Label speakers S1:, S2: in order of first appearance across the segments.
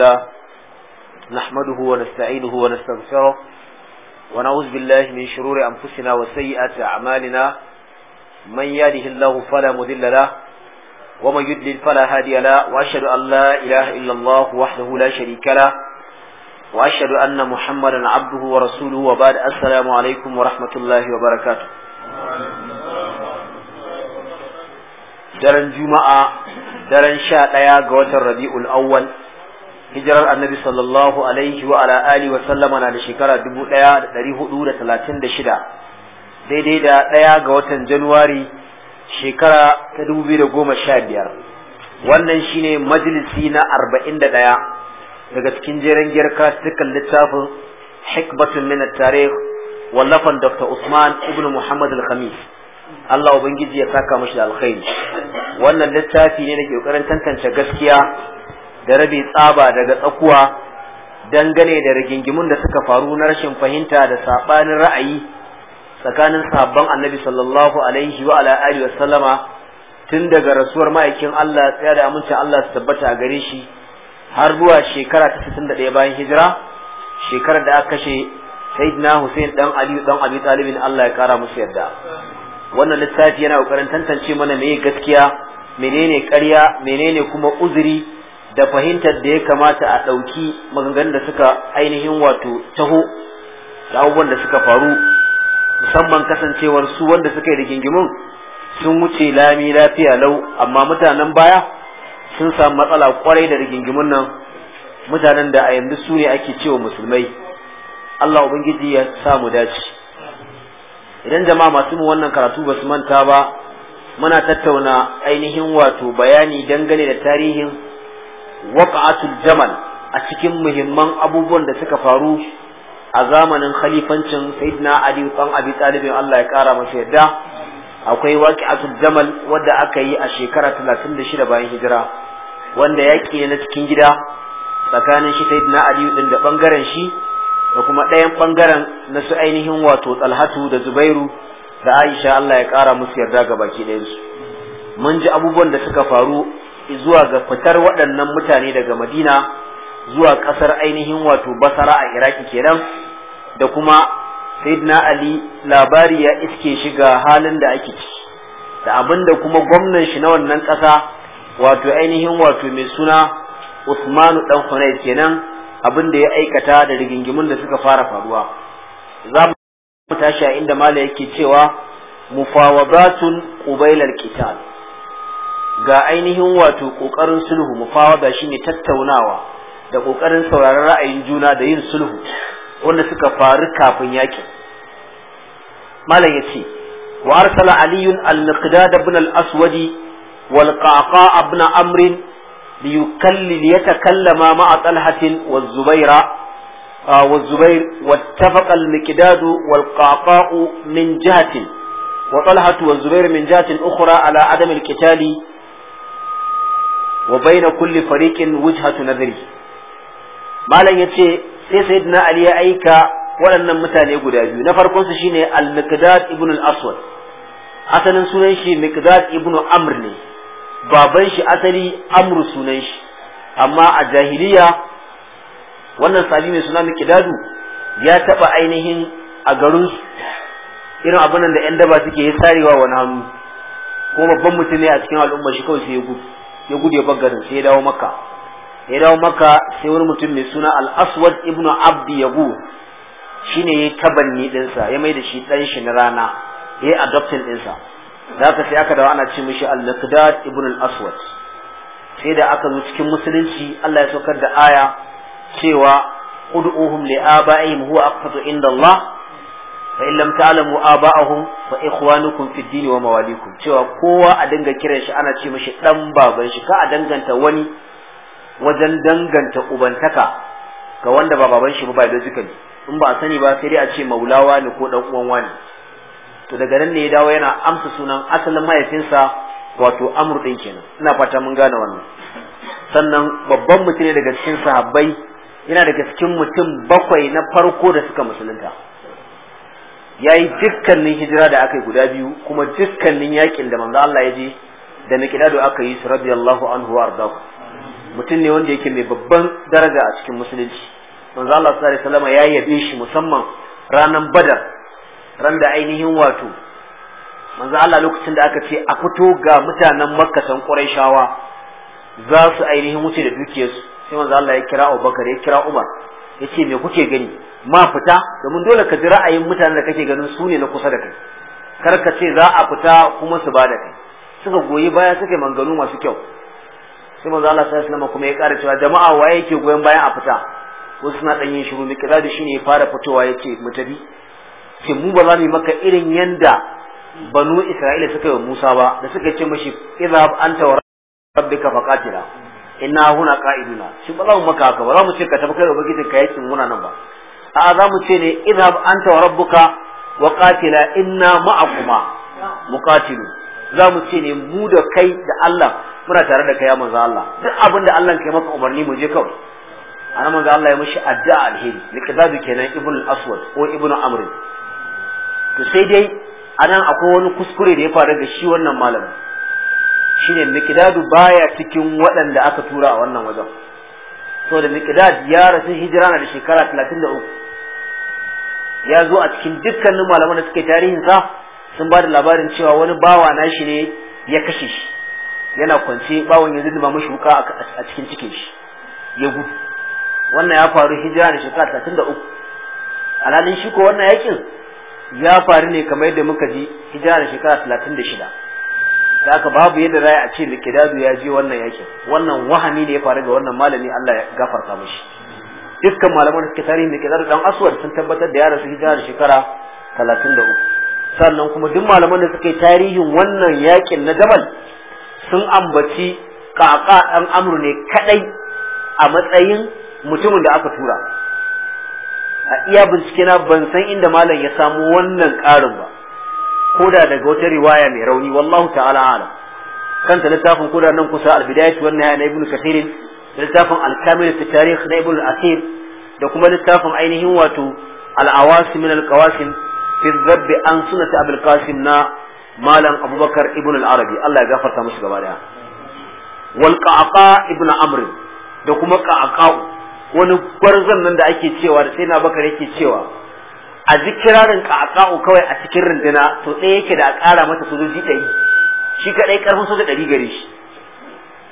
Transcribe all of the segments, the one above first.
S1: الله نحمده ونستعينه ونستغفره ونعوذ بالله من شرور أنفسنا وسيئات أعمالنا من يهده الله فلا مذل له ومن يدلل فلا هادي له وأشهد أن لا إله إلا الله وحده لا شريك له وأشهد أن محمدا عبده ورسوله وبعد السلام عليكم ورحمة الله وبركاته daren juma'a daren sha ɗaya ga watan rabi'ul awwal hijirar annabi sallallahu alaihi wa ala alihi wa sallama na da shekara 1436 daidai da ɗaya ga watan januwari shekara ta 2015 wannan shine majalisi na 41 daga cikin jeren giyar karatukan littafin hikbatun min tarikh wallafan dr usman ibn muhammad al-khamis Allah ubangiji ya saka mashi da alkhairi wannan littafi ne da ke ƙoƙarin tantance gaskiya da rabe tsaba daga tsakuwa dangane da rigingimun da suka faru na rashin fahimta da sabanin ra'ayi tsakanin sahabban annabi sallallahu alaihi wa ala alihi wa sallama tun daga rasuwar ma'aikin Allah tsaya da amincin Allah su tabbata a gare shi har zuwa shekara ta 61 bayan hijira shekarar da aka kashe sayyidina Hussein dan Ali dan Abi Talib Allah ya kara musu yadda. wannan littafi yana kokarin tantance mana meye gaskiya menene ƙarya menene kuma uzuri da fahimtar da ya kamata a ɗauki maganganun da suka ainihin wato taho da abubuwan da suka faru musamman kasancewar su wanda suka yi rigingimun sun wuce lami lafiya lau amma mutanen baya sun samu matsala kwarai da rigingimun nan mutanen da a yanzu su ne ake cewa musulmai Allah ubangiji ya sa mu dace idan jama'a masu mu wannan karatu ba su manta ba muna tattauna ainihin wato bayani dangane da tarihin waqa'atul jamal a cikin muhimman abubuwan da suka faru a zamanin khalifancin sayyidina ali dan abi talib Allah ya kara masa yadda akwai waqi'atul jamal wanda aka yi a shekara 36 bayan hijira wanda yaki ne na cikin gida tsakanin shi sayyidina ali din da bangaren shi da kuma ɗayan bangaren na su ainihin wato talhatu da zubairu da aisha Allah ya kara musu yarda ga baki ɗayansu mun ji abubuwan da suka faru zuwa ga fitar waɗannan mutane daga madina zuwa ƙasar ainihin wato basara a iraki kenan da kuma sayyidina ali labari ya iske shi ga halin da ake ci da abin da kuma gwamnan shi na wannan ƙasa wato ainihin wato mai suna usmanu dan hunay kenan abin da ya aikata da rigingimun da suka fara faruwa za mu tashi a inda mala yake cewa mufawadatun qubailal qital ga ainihin wato ƙoƙarin sulhu mufawada ne tattaunawa da ƙoƙarin sauraron ra'ayin juna da yin sulhu wanda suka faru kafin yaƙi. malam ce wa arsala aliyun al da ibn al-aswad wal qaqa ibn amr liyukallil yatakallama ma'a talhah wa zubaira wa zubair al-miqdad wal qaqa min jihatin وطلحة والزبير min جهة ukura على عدم القتال wa baina kulli fariqin wujhatu nazari malam yace sai sayyidina ali ya aika waɗannan mutane guda biyu na farkon su shine al-miqdad ibn al-aswad asalin sunan shi miqdad ibn amr ne baban shi asali amru sunan shi amma a jahiliya wannan sabi mai suna miqdadu ya taba ainihin a garin irin abin da yan daba suke sarewa wani hannu Ko babban mutum ne a cikin al'umma shi kawai sai ya gudu ya gude bagarin sai ya dawo maka ya dawo maka sai wani mutum mai suna al-aswad ibnu abdi yabu shine ya tabanni dinsa ya mai da shi dan shi na rana ya adoptin dinsa zaka haka sai aka dawo ana ce mishi al-laqdad ibn al-aswad sai da aka zo cikin musulunci Allah ya saukar da aya cewa ud'uhum li abaihim huwa aqfatu inda Allah fa in lam ta'lamu aba'ahum fa ikhwanukum fi din wa mawalikum cewa kowa a dinga kiran shi ana ce mishi dan baban shi ka a danganta wani wajen danganta ubantaka ga wanda ba baban shi ba biologically in ba a sani ba sai dai a ce maulawa ne ko dan uwan wani to daga nan ne ya dawo yana amsa sunan asalin mahaifinsa wato amur din kenan ina fata mun gane wannan sannan babban mutum ne daga cikin sahabbai yana daga cikin mutum bakwai na farko da suka musulunta ya yi dukkanin hijira da aka yi guda biyu kuma dukkanin yakin da manzo Allah ya je da da aka yi su radiyallahu anhu wa mutum ne wanda yake mai babban daraja a cikin musulunci manzo Allah sallallahu alaihi wasallam ya yabe shi musamman ranan badar ran da ainihin wato manzo Allah lokacin da aka ce a fito ga mutanen makka san quraishawa za su ainihin wuce da dukiyarsu sai manzo Allah ya kira Abubakar ya kira Umar yace me kuke gani ma fita domin dole ka ji ra'ayin mutanen da kake ganin su ne na kusa da kai kar ka ce za a fita kuma su ba da kai suka goyi baya suka yi manganu masu kyau sai manzo Allah sai sallama kuma ya ƙara cewa jama'a waye yake goyon bayan a fita wasu suna ɗan yin shiru mai kaza da shine ya fara fitowa ya ce mu tafi ce mu ba za mu yi maka irin yanda banu Isra'ila suka yi Musa ba da suka ce mashi idza anta wa rabbika faqatila inna huna qa'iduna shi ba za mu maka haka ba za mu ce ka tafi kai ubangijin ka yakin muna nan ba a za mu ce ne idhab anta wa rabbuka wa qatila inna ma'akuma muqatilu za mu ce ne mu da kai da Allah muna tare da kai manzo Allah duk abin da Allah kai maka umarni mu je kawai anan manzo Allah ya mishi adda alheri mikidadu kenan ibn al-aswad ko ibn amr to sai dai anan akwai wani kuskure da ya faru da shi wannan malamin shine mikdadu baya cikin waɗanda aka tura a wannan wajen saboda mikdad ya rasu hijira na da shekara 33 ya zo a cikin dukkanin malaman da suke tarihin sa sun ba da labarin cewa wani bawa na shi ne ya kashe shi yana kwance bawon ya zuba mashi wuka a cikin cikin shi ya gudu wannan ya faru hijira da shekara talatin da uku alhalin shi ko wannan yakin ya faru ne kamar yadda muka ji hijira da shekara talatin da shida da aka babu yadda za a ce likidadu ya je wannan yakin wannan wahami ne ya faru ga wannan malami Allah ya gafarta mishi dukkan malaman da suke tarihin da ke zara dan aswad sun tabbatar da ya rasu hijira shekara talatin da uku sannan kuma duk malaman da suke tarihin wannan yakin na jabal sun ambaci kaka dan amru ne kadai a matsayin mutumin da aka tura a iya bincike na ban san inda malam ya samu wannan karin ba koda daga wata riwaya mai rauni wallahu ta'ala alam kanta littafin koda nan kusa albidayatu wannan ya na ibnu kathirin da littafin al-kamil fi tarikh na ibn al-asir da kuma littafin ainihin wato al-awasim min al fi an sunnati abul qasim na malam abubakar ibn al-arabi Allah ya gafarta musu gaba daya wal qaqa ibn amr da kuma qaqa wani gwarzon nan da ake cewa da sayyidina bakar yake cewa a zikirarin kirarin kawai a cikin runduna to ɗaya yake da a ƙara mata sojoji ɗari shi kaɗai ƙarfin da ɗari gare shi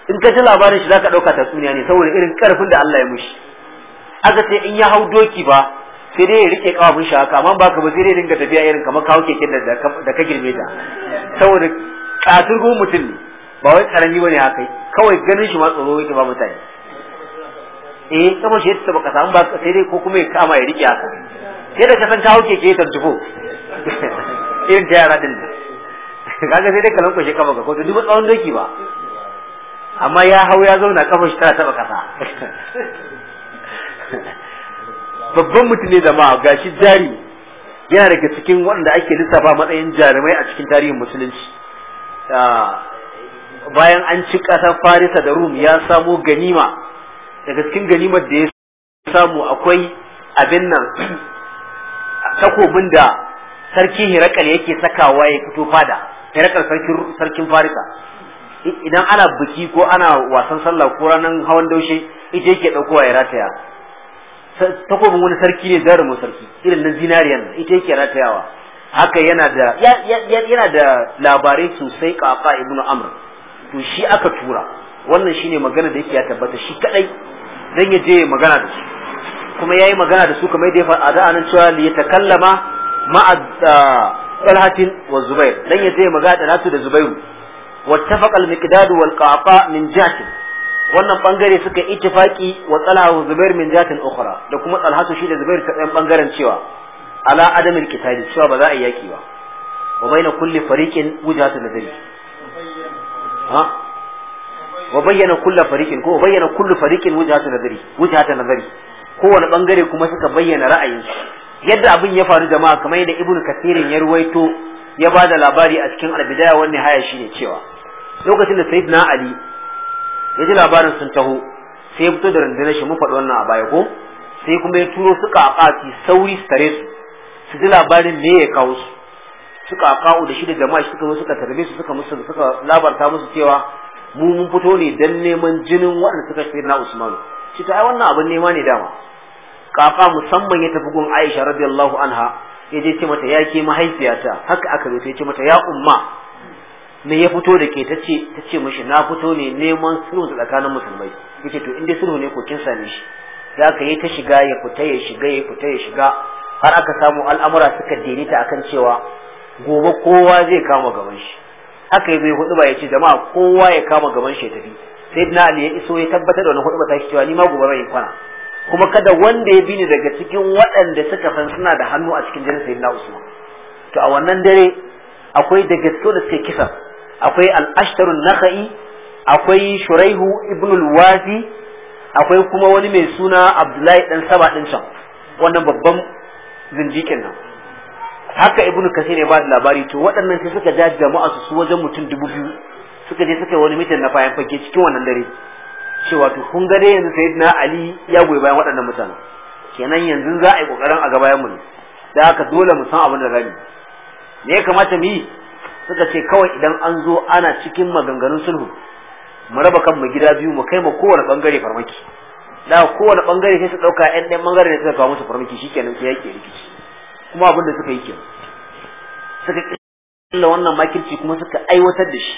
S1: in ka ji labarin shi zaka dauka tatsuniya ne saboda irin karfin da Allah ya mushi aka ce in ya hau doki ba sai dai ya rike kafafun shi haka amma baka ba sai dai dinga tafiya irin kamar kawo keken da ka girme ta saboda katurgun mutum ne ba wai karami bane haka kawai ganin shi ma tsoro yake ba mutane eh kamar shi yadda baka samu ba sai dai ko kuma ya kama ya rike haka sai da ka san kawo keke ta tartufo irin ta yara din kaga sai dai kalan shi kafa ka ko duk tsawon doki ba amma ya hau ya zauna kafa shi tana taba kasa babban mutum ne da ma gashi jari yana daga cikin waɗanda ake lissafa matsayin jarumai a cikin tarihin musulunci ah, bayan an ci kasar farisa da rum ya samo ganima daga cikin ganimar da ya samu akwai abin nan takobin da sarki hirakal yake sakawa ya fito fada hirakal sarkin farisa idan ana biki ko ana wasan sallah ko ranar hawan daushe ita yake ɗaukowa ya rataya takobin wani sarki ne jarumin sarki irin na zinariyan ita yake ratayawa haka yana da yana da labarai sosai kafa ibnu amr to shi aka tura wannan shine magana da yake ya tabbata shi kadai dan ya je magana da su kuma yayi magana da su kamar da ya faɗa da anan cewa li yatakallama ma'a ah, talhatin wa zubair dan ya je magana da da zubairu wattafaqa al-miqdad wal qaqa min jatin wannan bangare suka ittifaki wa talha wa zubair min jatin ukhra da kuma talha shi da zubair ta ɗayan bangaren cewa ala adamil qitali cewa ba za a yi yaki ba wa baina kulli fariqin wujhatu nazari ha wa bayyana kullu fariqin ko bayyana kullu fariqin wujhatu nazari wujhatu nazari kowane bangare kuma suka bayyana ra'ayinsu yadda abin ya faru jama'a kamar yadda ibnu kasirin ya ruwaito ya bada labari a cikin albidaya wannan haya shine cewa lokacin da sayyidina ali ya ji labarin sun taho sai ya fito da rundunar shi mun faɗi wannan a baya ko sai kuma ya turo su kakaki sauri su tare su su ji labarin me ya kawo su su kaka'u da shi da jama'a shi suka zo suka tarbe su suka musu suka labarta musu cewa mu mun fito ne dan neman jinin waɗanda suka shi na Usman shi ta ai wannan abin nema ne dama kaka musamman ya tafi gun Aisha radiyallahu anha ya ce mata ya ke mahaifiyata haka aka zo ya ce mata ya umma me ya fito da ke tace tace mishi na fito ne neman sulhu tsakanin musulmai yace to in dai sulhu ne ko kin same shi za ka yi ta shiga ya fita ya shiga ya fita ya shiga har aka samu al'amura suka daidaita akan cewa gobe kowa zai kama gaban shi haka yi bai hudu ba ya ce jama'a kowa ya kama gaban shi ya tafi sai na ali ya iso ya tabbatar da wani hudu ba ta shi cewa ni ma gobe yin kwana kuma kada wanda ya bi ni daga cikin waɗanda suka san suna da hannu a cikin jinin sayyidina usman to a wannan dare akwai daga da suke kisa akwai al nakayi, nakhai akwai shuraihu ibn al-wazi akwai kuma wani mai suna abdullahi dan saba din can wannan babban zindikin nan haka ibnu kasir ne ba da labari to waɗannan sai suka ja jama'a su wajen mutum dubu biyu suka je suka wani mitin na bayan fage cikin wannan dare cewa to kun ga dai yanzu sayyidina ali ya goyi bayan waɗannan mutanen kenan yanzu za a yi kokarin a ga bayan mu ne da haka dole mu san abin da rani. me ya kamata mu yi suka ce kawai idan an zo ana cikin maganganun sulhu mu raba kan kanmu gida biyu mu kai mu kowane bangare farmaki da kowane bangare sai su dauka ɗan ɗan bangare ne suka kawo musu farmaki shikenan sai yake rikici kuma abin da suka yi kenan suka kalla wannan makirci kuma suka aiwatar da shi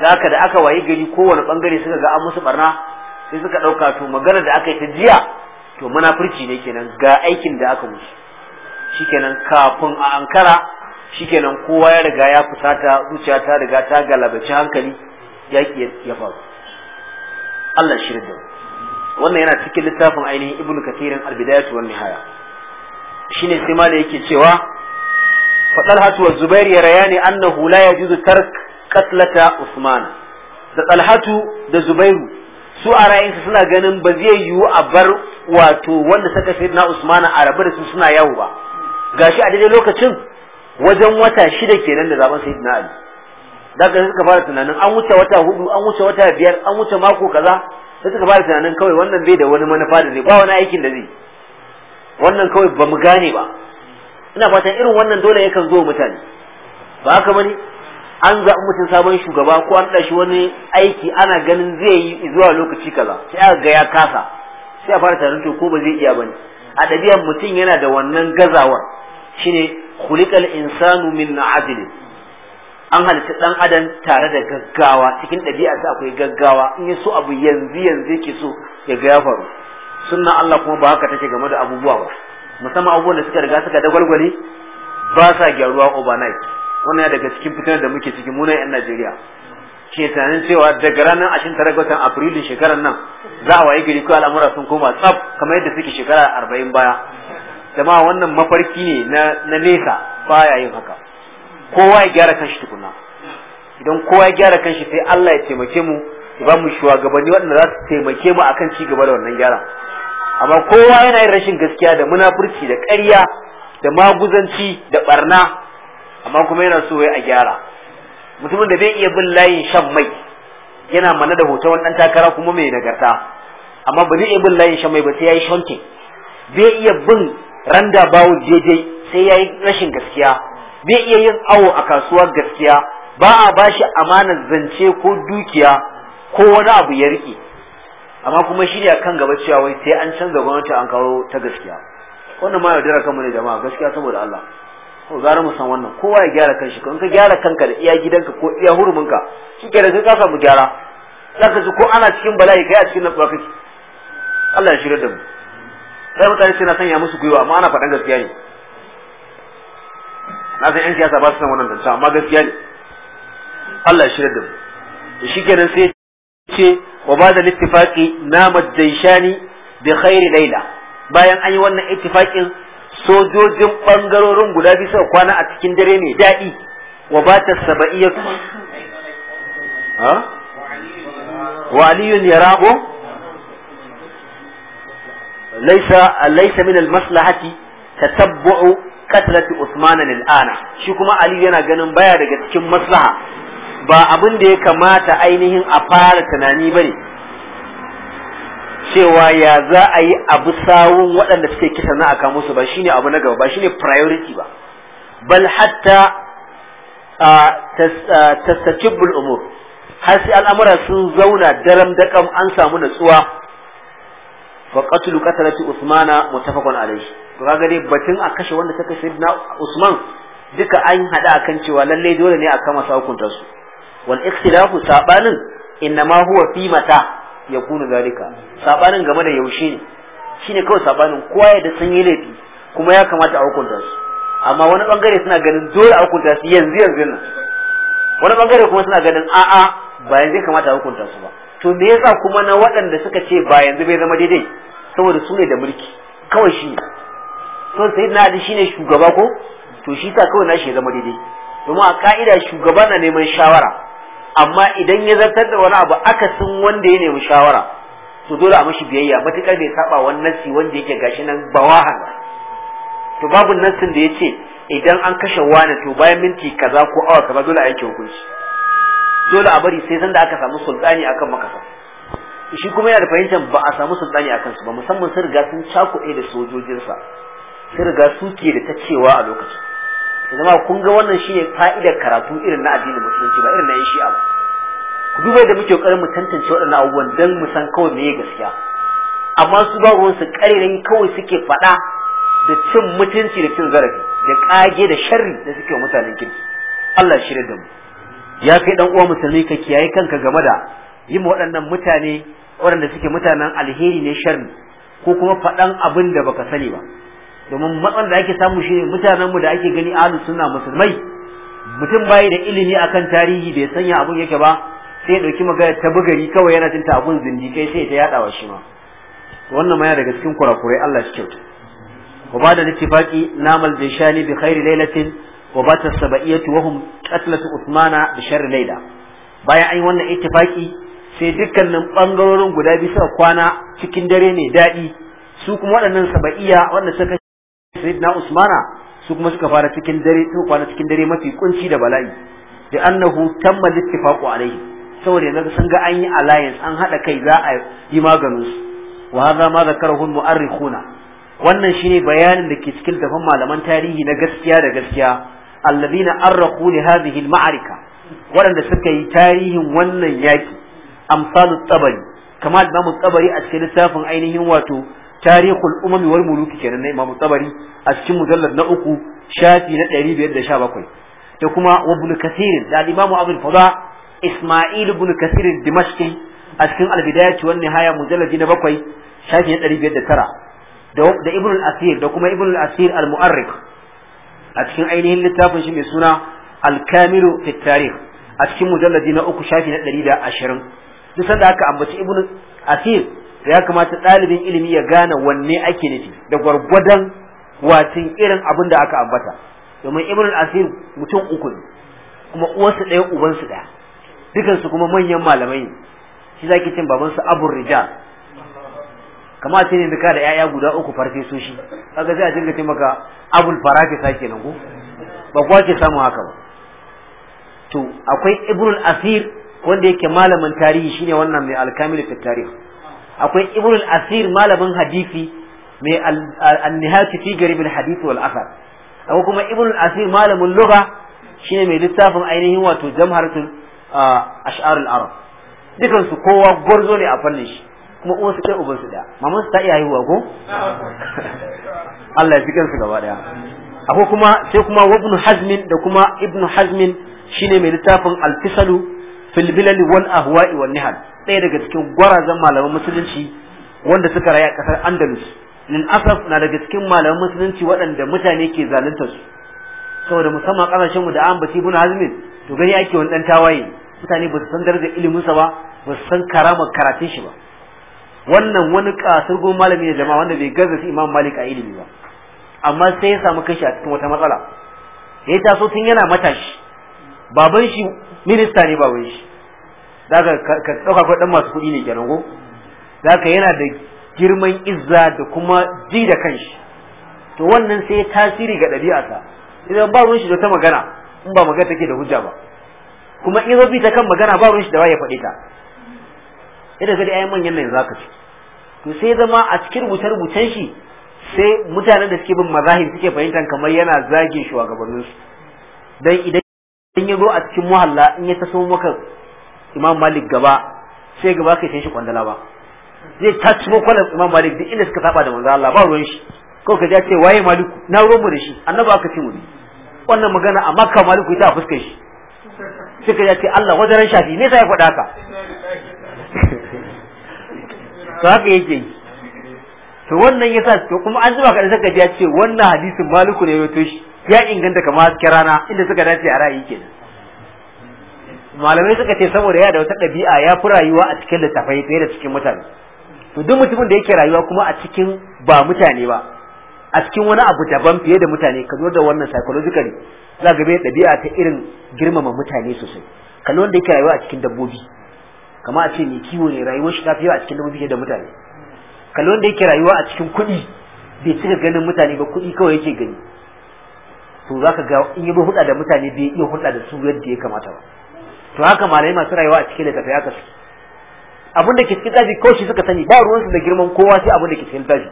S1: da aka da aka wayi gari kowane bangare suka ga an musu barna sai suka dauka to magana da aka yi ta jiya to munafurci ne kenan ga aikin da aka musu shikenan kafin a ankara shikenan kowa ya riga ya ta zuciya ta riga ta galabaci hankali yaki ya faru Allah shirin da wannan yana cikin littafin ainihin ibn kathirin albidayatu wan nihaya shine sai ma da yake cewa fadal hatu wa zubair ya rayani annahu la yajuzu tark qatlata usman da talhatu da zubairu su a ra'ayinsu suna ganin ba zai yiwu a bar wato wanda saka na usman a rabu da su suna yawo ba gashi a daidai lokacin wajen wata shida kenan da zaben na ali da ka suka fara tunanin an wuce wata hudu an wuce wata biyar an wuce mako kaza sai suka fara tunanin kawai wannan bai da wani manufa da zai ba wani aikin da zai wannan kawai ba mu gane ba ina fatan irin wannan dole yakan zo mutane ba haka bane an zaɓi mutum sabon shugaba ko an ɗashi wani aiki ana ganin zai yi zuwa lokaci kaza sai aka ga ya kasa sai a fara tunanin to ko ba zai iya bane a ɗabi'ar mutum yana da wannan gazawar shine khuliqal insanu min ajlin an halitta dan adam tare da gaggawa cikin dabi'a sa akwai gaggawa in yaso abu yanzu yanzu yake so ya ga faru sunna Allah kuma ba haka take game da abubuwa ba musamman abubuwan da suka riga suka dagwalgwale ba sa gyaruwa overnight wannan daga cikin fitar da muke cikin munan yan Najeriya ke tunanin cewa daga ranar ashirin tara ga watan shekarar nan za a waye gari ko al'amura sun koma tsaf kamar yadda suke shekara arba'in baya jama'a wannan mafarki ne na nesa baya yin haka kowa ya gyara kanshi tukuna idan kowa ya gyara kanshi sai Allah ya taimake mu ya ba mu shugabanni waɗanda za su taimake mu akan ci gaba da wannan gyara. amma kowa yana yin rashin gaskiya da munafurci da ƙarya da maguzanci da barna amma kuma yana so ya a gyara mutumin da bai iya bin layin shan mai yana mana da hoton wani takara kuma mai nagarta amma ba zai iya bin layin shan mai ba sai ya yi shonke bai iya bin randa bawo daidai sai ya yi rashin gaskiya bai iya yin awo a kasuwar gaskiya ba a bashi amanar zance ko dukiya ko wani abu ya rike amma kuma shi ne a kan gaba cewa wai sai an canza gwamnati an kawo ta gaskiya wannan ma yaudara kanmu ne jama'a gaskiya saboda Allah ko zara mu san wannan kowa ya gyara kanshi in ka gyara kanka da iya gidanka ko iya huruminka shi ke da ka samu gyara zaka ji ko ana cikin bala'i kai a cikin nan kake Allah ya shirya da mu sai mutane suna sanya musu gwiwa amma ana faɗan gaskiya ne na san yan siyasa ba su san wannan zancen amma gaskiya ne Allah ya shirya da mu to shikenan sai ce wa ba da littifaki na majjaishani bi khairi laila bayan an yi wannan ittifakin sojojin bangarorin guda biyu suka kwana a cikin dare ne. daɗi wa ba ta saba'iyatu wa aliyun yarabu laisa laisa min al-maslahati tatabbu'u qatlati Usman al-ana shi kuma Aliyu yana ganin baya daga cikin maslaha ba abin da ya kamata ainihin a fara tunani bane cewa ya za a yi abu sawun waɗanda suke kisa na aka musu ba shine abu na gaba ba shine priority ba bal hatta tastakibul umur har sai al'amura sun zauna daren daƙam an samu natsuwa fa qatlu qatalati usmana muttafaqun alayhi to kaga dai batun a kashe wanda ta kashe na usman duka an hada akan cewa lalle dole ne a kama su hukunta su wal ikhtilafu sabanin innama huwa fi mata yakunu zalika sabanin game da yaushe ne shine kawai sabanin kowa ya da sun laifi kuma ya kamata a hukunta su amma wani bangare suna ganin dole a hukunta su yanzu yanzu nan wani bangare kuma suna ganin a'a ba yanzu kamata a hukunta su ba to me yasa kuma na waɗanda suka ce ba yanzu bai zama daidai saboda su ne da mulki kawai shi to sai na da shine shugaba ko to shi ta kawai na shi ya zama daidai domin a ka'ida shugaba na neman shawara amma idan ya zartar da wani abu aka san wanda ya nemi shawara to dole a mashi biyayya matuƙar bai saba wani nassi wanda yake gashi nan ba wahan to babu nassin da ya ce idan an kashe wani to bayan minti kaza ko awa kaza dole a yanke hukunci dole a bari sai zan da aka samu sultani akan makasa shi kuma yana da fahimtar ba a samu sultani akan su ba musamman sun riga sun cako ɗaya da sojojinsa sun riga ke da ta cewa a lokacin zama kun ga wannan shine fa'idar karatu irin na addinin musulunci ba irin na yin shi'a ba ku duba da muke ƙoƙarin mu tantance waɗannan abubuwan dan mu san kawai ya gaskiya amma su ba ruwan su ƙarirai kawai suke faɗa da cin mutunci da cin zarafi da ƙage da sharri da suke wa mutanen kirki Allah shirya da mu ya kai dan uwa musulmi ka kiyaye kanka game da yin waɗannan mutane waɗanda suke mutanen alheri ne sharri ko kuma faɗan abin da baka sani ba domin matsan da ake samu shine mutanenmu da ake gani ahlu sunna musulmai mutum bai da ilimi akan tarihi bai sanya abun yake ba sai ya ɗauki magana ta bugari kawai yana jin ta abun zindikai sai ta yadawa shi ma wannan ma yana daga cikin kurakurai Allah shi kyauta da الاتفاق نام bi khairi laylatin wa bata saba'iyatu wahum qatlatu usmana da sharri laila bayan an yi wannan ittifaki sai dukkanin bangarorin guda biyu suka kwana cikin dare ne daɗi su kuma waɗannan saba'iya wanda suka sayyidina usmana su kuma suka fara cikin dare suka kwana cikin dare mafi kunci da bala'i da annahu tamma littifaqu alaihi saboda sun ga an yi alliance an haɗa kai za a yi maganin su wa hadha ma zakarahu mu'arrikhuna wannan ne bayanin da ke cikin dafan malaman tarihi na gaskiya da gaskiya alladhina arraqu ne hadhihi al-ma'arika waɗanda suka yi tarihin wannan yaki amsalu tsabari kama imamu tsabari a cikin lissafin ainihin wato tarihul umami wal muluki kenan na imamu tsabari a cikin mujallar na uku shafi na ɗari biyar da sha bakwai da kuma wa ibn kasirin da imamu abul fada isma'il ibn kasirin dimashqi a cikin albidayati wan haya mujallar na bakwai shafi na ɗari biyar da tara da ibn al-asir da kuma ibn al-asir al muarrik a cikin ainihin littafin shi mai suna al-kamilu fi tarikh a cikin mujalladi na uku shafi na ɗari da ashirin duk sanda aka ambaci ibn asir ya kamata ɗalibin ilimi ya gane wanne ake nufi da gwargwadon watin irin abin da aka ambata domin ibn asir mutum uku ne kuma uwarsu ɗaya ubansu ɗaya dukansu kuma manyan malamai ne shi zaki cin babansu Abu rijal kama sai ne ka da yaya guda uku farfe su shi kaga sai a dinga ce maka abul farafisa kenan ko ba kuwa ke samu haka ba to akwai ibnul asir wanda yake malamin tarihi shine wannan mai alkamil fi tarih akwai ibnul asir malamin hadisi mai an fi garib hadith wal athar akwai kuma ibnul asir malamin lugha shine mai littafin ainihin wato jamharatul ah, ash'ar al-arab dukan kowa gwarzo ne a fannin shi kuma uwan su ɗaya uban su ɗaya maman su ta iya haihuwa ko Allah ya ji kansu gaba ɗaya akwai kuma sai kuma wabnu hazmin da kuma ibnu hazmin shine mai littafin alfisalu fil bilal wal ahwa'i wal nihal ɗaya daga cikin gwarazan malaman musulunci wanda suka raya kasar andalus nin asaf na daga cikin malaman musulunci waɗanda mutane ke zalunta su saboda musamman ƙasashen mu da an basi ibnu hazmin to gani ake wani dan tawaye mutane ba su san darajar ilimin sa ba ba su san karama karatun shi ba wannan wani kasar kasurgun malami ne jama'a wanda bai gaza su imam malik a ilimi ba amma sai ya samu kashi a cikin wata matsala ya yi taso tun yana matashi baban shi minista ne baban shi za ka ɗauka ko ɗan masu kuɗi ne kenan ko za ka yana da girman izza da kuma ji da kanshi to wannan sai ya tasiri ga ɗabi'arsa idan ba ruwan shi da ta magana in ba magana take da hujja ba kuma in zo bi ta kan magana ba ruwan shi da waye faɗi ta idan ka da ayan manyan nan zaka ci to sai zama a cikin rubuce-rubucen shi sai mutanen da suke bin mazahib suke fahimtar kamar yana zagin shugabannin su dan idan ya zo a cikin muhalla in ya taso maka Imam Malik gaba sai gaba kai sai shi kwandala ba zai tashi mu kwalan Imam Malik duk inda suka saba da manzo Allah ba ruwan shi ko ka ce waye malik na ruwan mu da shi annabi aka ce mu ne wannan magana amma ka malik ita a fuskar shi sai ka ce Allah wajen shafi me sai ya faɗa
S2: haka to haka yake
S1: yi to wannan yasa to kuma an zuba kada saka ya ce wannan hadisin maliku ne ya shi ya inganta kamar hasken rana inda suka dace a ra'ayi kenan malamai suka ce saboda ya da wata ɗabi'a ya fi rayuwa a cikin littafai fiye da cikin mutane to duk mutumin da yake rayuwa kuma a cikin ba mutane ba a cikin wani abu daban fiye da mutane ka zo da wannan psychological za ga bai ɗabi'a ta irin girmama mutane sosai kalli wanda yake rayuwa a cikin dabbobi kama a ce mai kiwo ne rayuwar shi tafi yawa a cikin dabbobi da mutane kalli da yake rayuwa a cikin kuɗi bai cika ganin mutane ba kuɗi kawai yake gani to za ka ga in yi hulɗa da mutane bai iya hulɗa da su yadda ya kamata ba to haka malamai masu rayuwa a cikin littafi haka su abin da ke cikin tafi kawai shi suka sani ba ruwansu da girman kowa sai abin da ke cikin tafi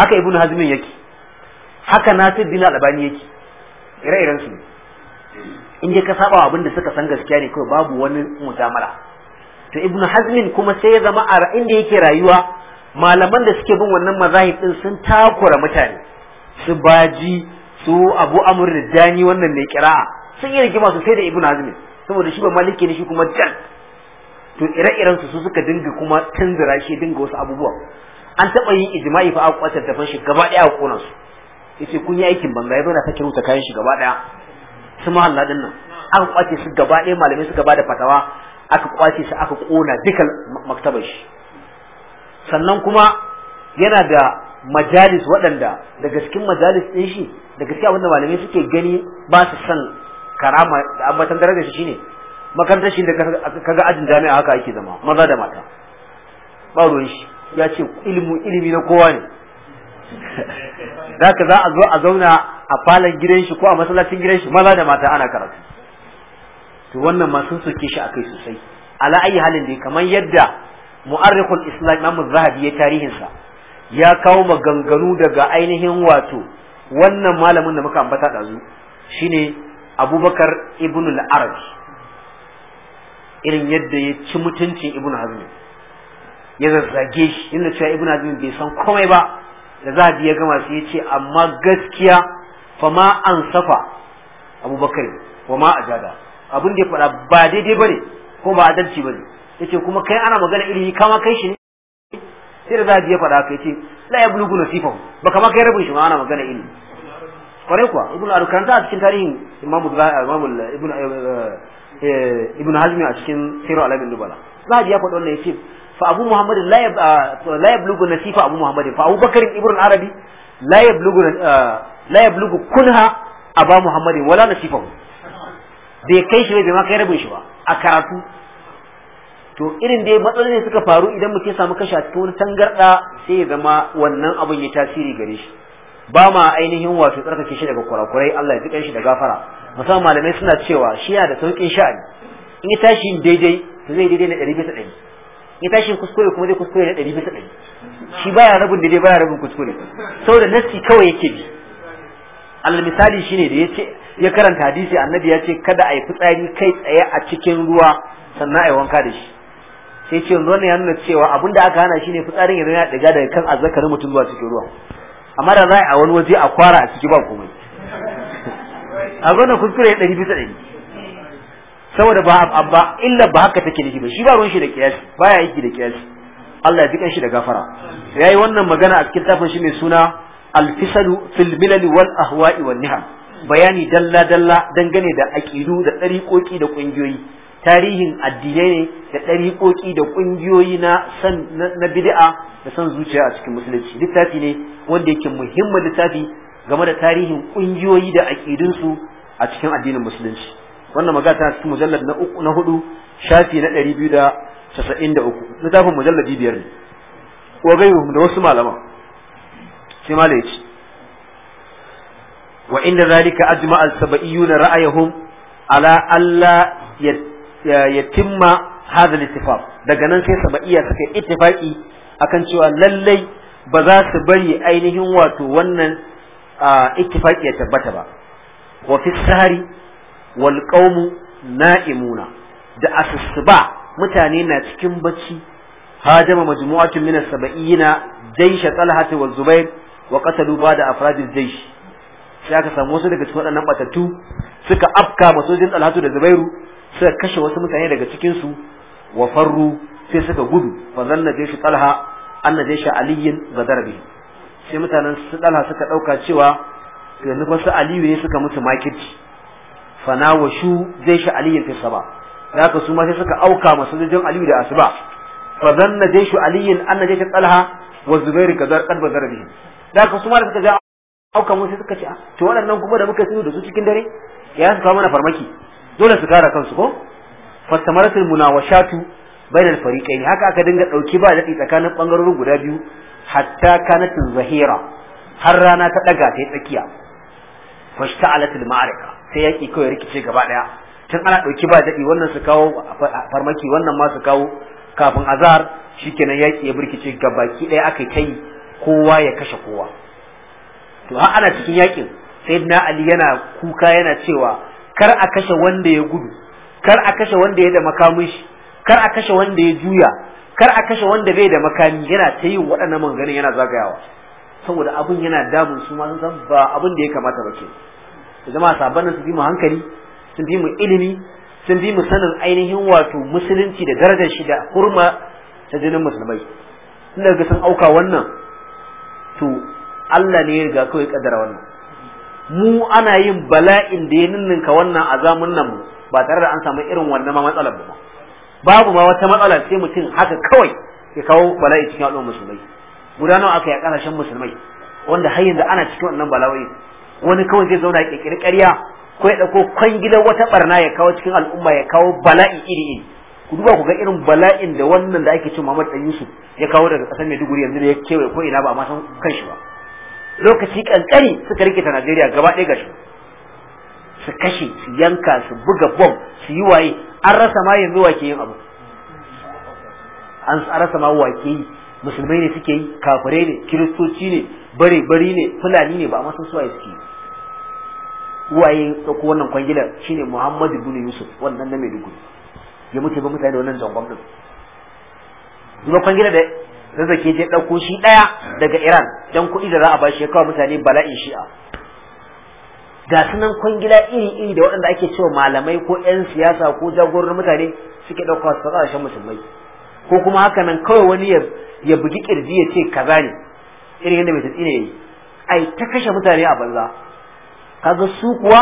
S1: haka ibnu hazmin yake haka nasir bin albani yake ire-iren su in je ka saba abin da suka san gaskiya ne kawai babu wani mutamala to ibnu hazmin kuma sai ya zama a inda yake rayuwa malaman da suke bin wannan mazahib din sun takura mutane su baji su abu amr dani wannan mai kira'a sun yi rigima sosai da ibnu hazmin saboda shi ba maliki ne shi kuma jan to ire-iren su suka dinga kuma tunzura shi dinga wasu abubuwa an taɓa yin ijma'i fa aka kwatar fashi gaba ɗaya a su yace kun yi aikin banza ya zauna ta kayan shi gaba ɗaya su ma Allah dinnan aka kwace su gaba ɗaya malamai suka da fatawa aka kwace shi aka kona duka maktabar shi sannan kuma yana da majalis waɗanda daga cikin majalis ɗin shi daga cikin wanda malamai suke gani ba su san karama da ambatan daraja shi shine makarantar shi da kaga ajin jami'a haka ake zama maza da mata ba ruwan shi ya ce ilimi ilimi na kowa ne zaka za a zo a zauna a falon gidan shi ko a masallacin gidan shi maza da mata ana karatu to wannan ma sun soke shi akai sosai ala ayi halin da kamar yadda mu'arrikhul islam Imam Zahabi ya tarihin sa ya kawo maganganu daga ainihin wato wannan malamin da muka ambata dazu shine Abubakar ibn al arab irin yadda ya ci mutunci Ibn Hazm ya zazzage shi inda cewa Ibn Hazm bai san komai ba da Zahabi ya gama sai ya ce amma gaskiya fama safa Abubakar wa ma ajada abin da ya faɗa ba daidai bane ko ba adalci bane yace kuma kai ana magana ilimi kama kai shi ne sai da zahabi ya faɗa haka yace la yablughu nasifahu ba kama kai rabin shi ma ana magana ilimi kwarai kuwa ibnu al-karanta a cikin tarihin imamu imamu ibnu ibnu eh, eh, hazmi a cikin sirru alamin nubala zahabi ya faɗa wannan yace fa abu muhammadin ah, la yablughu nasifa abu muhammadin fa abu bakarin ibnu arabi la yablughu ah, la yablughu kunha aba muhammadin wala nasifahu bai kai shi bai ma kai rabin shi ba a karatu to irin dai matsalolin suka faru idan mutum samu kasha a cikin wani tangarda sai ya zama wannan abin ya tasiri gare shi ba ma ainihin wato tsarkake shi daga kurakurai Allah ya jikan shi da gafara musamman malamai suna cewa shi yana da sauƙin sha'ani in ya tashi daidai to zai daidai na ɗari bisa ɗari in ya tashi kuskure kuma zai kuskure na ɗari bisa ɗari shi baya rabin daidai baya rabin kuskure saboda nasi kawai yake bi alal misali shine da yace ya karanta hadisi annabi ya ce kada a yi fitsari kai tsaye a cikin ruwa sannan a yi wanka da shi sai ce yanzu ya nuna cewa abin da aka hana shi ne fitsarin ya yana daga daga kan azzakarin mutum zuwa cikin ruwa amma da za a wani waje a kwara a ciki ba komai a gwanin kuskure ɗari bisa ɗari saboda ba ba illa ba haka take shi ba shi ba ruwan shi da kiyasi baya aiki da kiyasi Allah ya ji shi da gafara yi wannan magana a cikin tafin shi mai suna al-fisalu fil wal ahwa'i wal niham bayani dalla dalla dangane da aƙidu da ɗariƙoƙi da ƙungiyoyi tarihin addinai ne da ɗariƙoƙi da ƙungiyoyi na san na bid'a da san zuciya a cikin musulunci littafi ne wanda yake muhimmin littafi game da tarihin ƙungiyoyi da aƙidunsu a cikin addinin musulunci wannan magana tana cikin mujallar na uku na hudu shafi na ɗari biyu da casa'in da uku littafin mujallar biyar ne wa da wasu malama sai malai wa inda zalika ajma al-sab'iyuna ra'ayahum ala alla yatimma hadha al daga nan sai sab'iyya suka ittifaqi akan cewa lallai ba za su bari ainihin wato wannan ittifaqi ya tabbata ba wa fi sahari wal qawmu na'imuna da asusuba mutane na cikin bacci هاجم مجموعة من السبعين جيش طلحة والزبير وقتلوا بعض أفراد الجيش sai aka samu wasu daga cikin waɗannan batattu suka afka ma sojin Talhatu da Zubairu suka kashe wasu mutane daga cikinsu wa farru sai suka gudu fa zanna jayshi Talha anna jayshi Aliyin badar bihi sai mutanen su Talha suka ɗauka cewa yanzu fa su Aliyu ne suka mutu makirci fa na nawashu jayshi Aliyin fi saba da haka su ma sai suka auka masu sojojin Aliyu da asuba fa zanna jayshi Aliyin anna jayshi Talha wa Zubairu kadar qad badar bihi da haka su ma da suka ga aukan wasu suka ce ah, to waɗannan kuma da muka sinu da su cikin dare ya su kawo mana farmaki dole su kara kansu ko fastamaratul munawashatu bainal fariqain haka aka dinga dauki ba da tsakanin bangarorin guda biyu hatta kanat zahira har rana ta daga ta tsakiya fashta'alatul ma'arika sai yaki kawai rikice gaba daya tun ana dauki ba da wannan su kawo farmaki wannan ma su kawo kafin azar shikenan yaki ya burkice gabaki daya aka kai kowa ya kashe kowa to har ana cikin yakin saidina ali yana kuka yana cewa kar a kashe wanda ya gudu kar a kashe wanda ya da makamin shi kar a kashe wanda ya juya kar a kashe wanda bai da makami yana ta yin waɗannan maganganun yana zagayawa saboda abun yana damun su ma san ba abun da ya kamata ba ke da zama sabon nan su bi mu hankali sun bi mu ilimi sun bi mu sanin ainihin wato musulunci da darajar shi da hurma ta jinin musulmai tun daga sun auka wannan to Allah ne ya riga kawai kaddara wannan mu ana yin bala'in da ya ninninka wannan a zamun nan ba tare da an samu irin wannan ma matsalar ba babu ma wata matsala sai mutum haka kawai ya kawo bala'i cikin al'ummar musulmai guda nawa aka yi a musulmai wanda har yanzu ana cikin wannan bala'o'i wani kawai zai zauna ya ƙarya ko ya ɗauko kwangilar wata barna ya kawo cikin al'umma ya kawo bala'i iri iri ku duba ku ga irin bala'in da wannan da ake cin Muhammad Dan Yusuf ya kawo daga ƙasar Maiduguri yanzu da ya kewaye ko ina ba a ma san kanshi ba lokaci kankani suka rikita Najeriya gaba ɗaya gashi su kashe su yanka su buga bom su yi waye an rasa ma yanzu wake yin abu an rasa ma wake yi musulmai ne suke yi kafirai ne kiristoci ne bare bari ne fulani ne ba a masan suwaye suke waye ɗauko wannan kwangilar shine Muhammadu bin Yusuf wannan na Maiduguri ya mutu ba mutane da wannan zangon din kuma kwangilar da zazzake je ɗauko shi ɗaya daga iran don kuɗi da za a bashi ya kawo mutane bala'in shi'a ga sunan kwangila iri-iri da waɗanda ake cewa malamai ko 'yan siyasa ko jagororin mutane suke ɗauka su ƙasashen musulmai ko kuma haka nan kawai wani ya bugi ƙirji ya ce kaza ne irin yadda mai tatsi ne ai ta kashe mutane a banza kaga su kuwa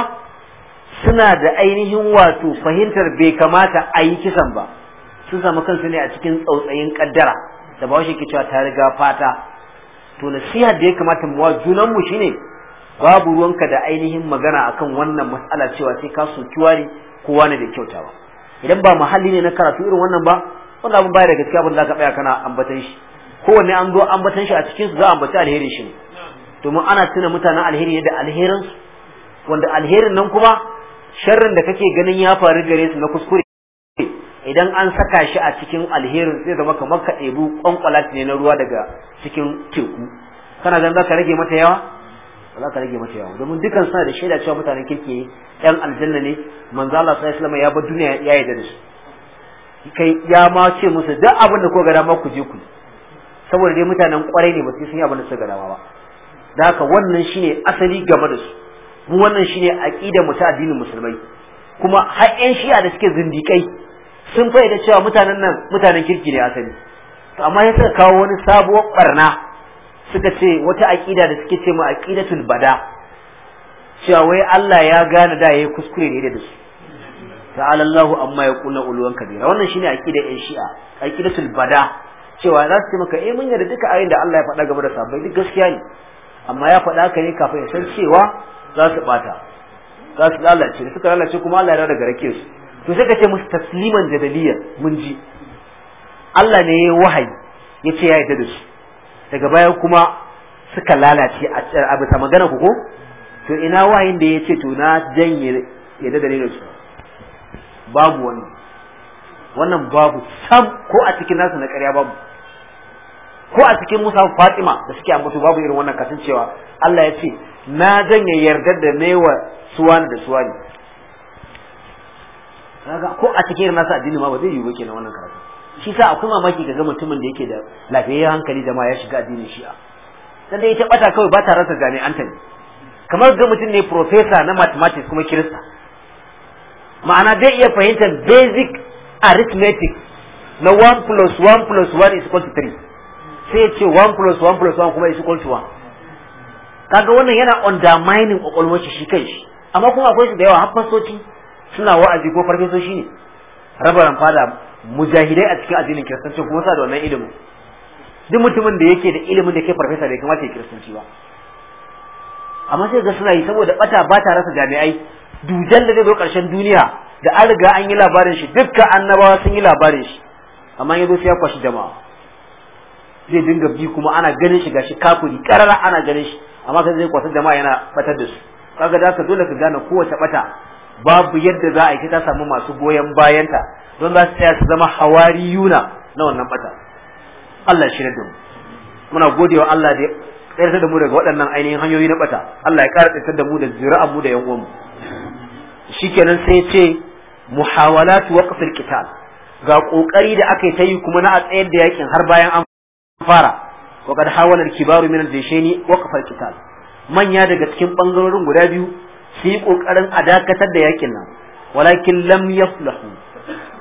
S1: suna da ainihin wato fahimtar bai kamata a yi kisan ba sun samu kansu ne a cikin tsautsayin kaddara da bahaushe ke cewa ta riga fata to nasiha da ya kamata mu wa junan mu shine babu ruwanka da ainihin magana akan wannan matsala cewa sai ka soki wani ko wani da kyautawa idan ba muhalli ne na karatu irin wannan ba wannan abin baya da gaskiya abin da ka tsaya kana ambatan shi kowanne an zo ambatan shi a cikin su za a ambaci alherin shi ne domin ana tuna mutanen alheri ne da alherin wanda alherin nan kuma sharrin da kake ganin ya faru gare su na kuskure idan an saka shi a cikin alherin zai zama kamar ka ɗebu ƙwanƙwala ne na ruwa daga cikin teku kana zan za ka rage mata yawa ba za ka rage mata yawa domin dukan suna da shaida cewa mutanen kirki ne ɗan aljanna ne manzo Allah sallallahu alaihi ya bar duniya ya yi da su kai ya ma ce musu duk abin da ko ga dama ku je ku saboda dai mutanen kwarai ne ba sai sun yi abin da suka ga dama ba da haka wannan shine asali game da su mu wannan shine aqidar mu ta addinin musulmai kuma har ƴan shi'a da suke zindikai sun faida cewa mutanen nan mutanen kirki ne asali to amma ya suka kawo wani sabuwar barna suka ce wata aqida da suke ce ma aqidatul bada cewa wai Allah ya gane da yayi kuskure ne da su ta'ala Allahu amma ya kula uluwan kabira wannan shine aqida ɗin shi'a aqidatul bada cewa za su ce maka eh mun yarda duka ayin da Allah ya faɗa game da sabai duk gaskiya ne amma ya faɗa ka ne kafin ya san cewa za su bata za su lalace suka lalace kuma Allah ya daga rake su to sai ka ce musu tasliman jadaliya mun ji Allah ne ya wahayi ya ce ya yarda da su daga baya kuma suka lalace a bisa magana ku ko to ina wahayin da ya ce to na janye yarda da su babu wani wannan babu sam ko a cikin nasu na ƙarya babu ko a cikin Musa Fatima da suke ambato babu irin wannan kasancewa Allah ya ce na janye yarda da newa suwani da suwani kaga ko a cikin nasa addini ma ba zai yi ba kenan wannan karatu shi sa akwai mamaki kaga mutumin da yake da lafiyayyen hankali da ma ya shiga addinin shi'a dan dai ita bata kawai ba ta rasa jami'an ta ne kamar ga mutum ne professor na mathematics kuma kirista ma'ana zai iya fahimtar basic arithmetic na 1 plus 1 plus 1 is equal to 3 sai ya ce 1 plus 1 plus 1 kuma is equal to 1 kaga wannan yana undermining kwakwalwar shi shi kai shi amma kuma akwai su da yawa har fasoci suna wa'azi ko farfesoshi ne rabaran fada mujahidai a cikin addinin kiristanci kuma sa da wannan ilimin duk mutumin da yake da ilimin da ke farfesa bai kamata ya kiristanci ba amma sai ga suna yi saboda bata ba ta rasa jami'ai dujan da zai zo karshen duniya da an riga an yi labarin shi dukkan annabawa sun yi labarin shi amma ya zo sai ya kwashi jama'a zai dinga bi kuma ana ganin shi gashi kakuri karara ana ganin shi amma sai zai kwasa jama'a yana fatar da su kaga da ka dole ka gane kowace bata babu yadda za a yi ta samu masu goyon bayanta don za su tsaya su zama yuna na wannan bata Allah shi da mu muna godewa Allah da ya da mu daga waɗannan ainihin hanyoyi na bata Allah ya ƙara tsirtar da mu da zira mu da yan Shi kenan shikenan sai ce muhawalatu waqfil kital. ga ƙoƙari da aka yi ta yi kuma na a tsayar da yakin har bayan an fara wa kad hawala kibaru min al manya daga cikin bangarorin guda biyu su yi ƙoƙarin a dakatar da yakin nan walakin lam yaflahu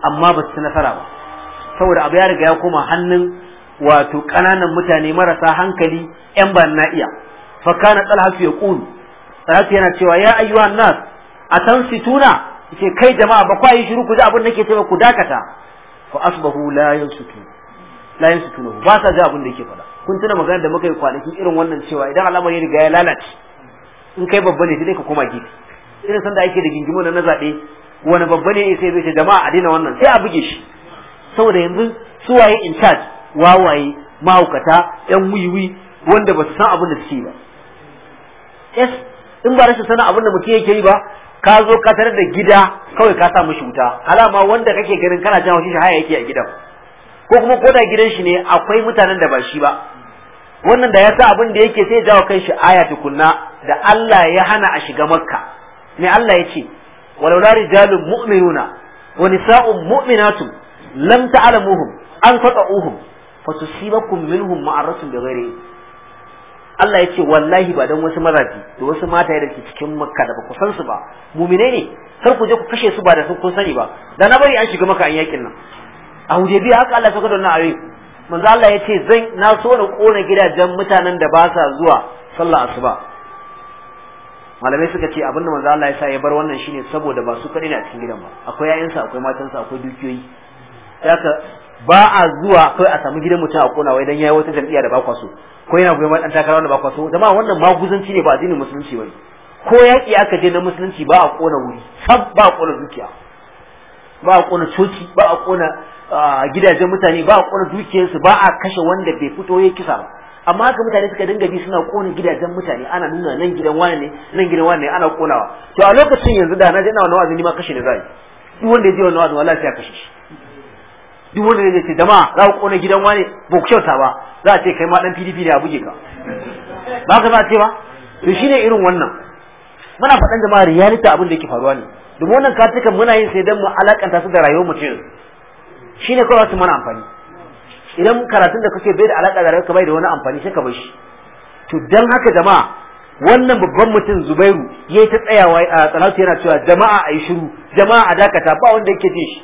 S1: amma ba su nasara ba saboda abu ya riga ya koma hannun wato ƙananan mutane marasa hankali yan bana na iya fakana kana ya yaqulu talhatu yana cewa ya ayyuhan nas situna yace kai jama'a ba kwa yi shiru ku ji abin da ke cewa ku dakata fa asbahu la yansutu la yansutu ba sa ji abin da yake faɗa kun tuna magana da muka yi kwanaki irin wannan cewa idan al'amari riga ya lalace in kai babba ne sai ka koma gidi irin sanda ake da gingimo na zaɓe wani babba ne sai zai ce jama'a a daina wannan sai a buge shi saboda yanzu su waye in charge wawaye mahaukata yan wiwi wanda ba su san abin da suke ba yes in ba rashin sanin abin da mutum yake yi ba ka zo ka tarar da gida kawai ka sa mishi wuta alama wanda kake ganin kana jan shi haya yake a gidan ko kuma ko da gidan shi ne akwai mutanen da ba shi ba wannan da ya sa abin da yake sai jawo kan shi aya tukunna da Allah ya hana a shiga makka ne Allah ya ce walaula rijalun mu'minuna wa nisa'un mu'minatu lam ta'lamuhum an fata'uhum tusibakum minhum ma'aratun da ghairi Allah ya ce wallahi ba dan wasu mazaji da wasu mata da ke cikin makka da ba ku san su ba muminai ne kar ku je ku kashe su ba da sun kun sani ba da na bari an shiga maka an yakin nan a hudaybiya haka Allah ya saka da wannan ayoyi manzo Allah ya ce zan na so na kona gidajen mutanen da ba sa zuwa sallah asuba malamai suka ce abinda manzo Allah ya sa ya bar wannan shine saboda ba su kadai ne a cikin gidan ba akwai yayansa akwai matansa akwai dukiyoyi haka ba a zuwa kai a samu gidan mutum a kona wai dan yayi wata jam'iyya da ba kwaso ko yana goyon dan takara wanda ba kwaso jama'a wannan maguzanci ne ba addinin musulunci bane ko yaki aka je na musulunci ba a kona wuri sab ba a kona dukiya ba a kona coci ba a kona ah, gidajen mutane ba a kona dukiyarsu ba a kashe wanda bai fito ya kisa ba amma haka mutane suka dinga bi suna kona gidajen mutane ana nuna nan gidan wani ne nan gidan wani ne ana konawa to a lokacin yanzu da na je ina wannan ni ma kashe ne zai duk wanda ya je wannan wa'azi wallahi sai kashe shi duk wanda ya ce jama'a za ku kona gidan wani ba ku kyauta ba za a ce kai ma dan PDP ne a buge ka ba ka za a ce ba to shine irin wannan muna faɗan jama'a realita abin da yake faruwa ne domin wannan katukan muna yin sai dan mu alakanta su da rayuwar mutum shine kawai su mana amfani idan karatun da kake bai da alaka da rayuwarka bai da wani amfani sai ka bar shi to dan haka jama'a wannan babban mutum Zubairu yayi ta tsayawa a salatu yana cewa jama'a ayi shiru jama'a a dakata ba wanda yake ji shi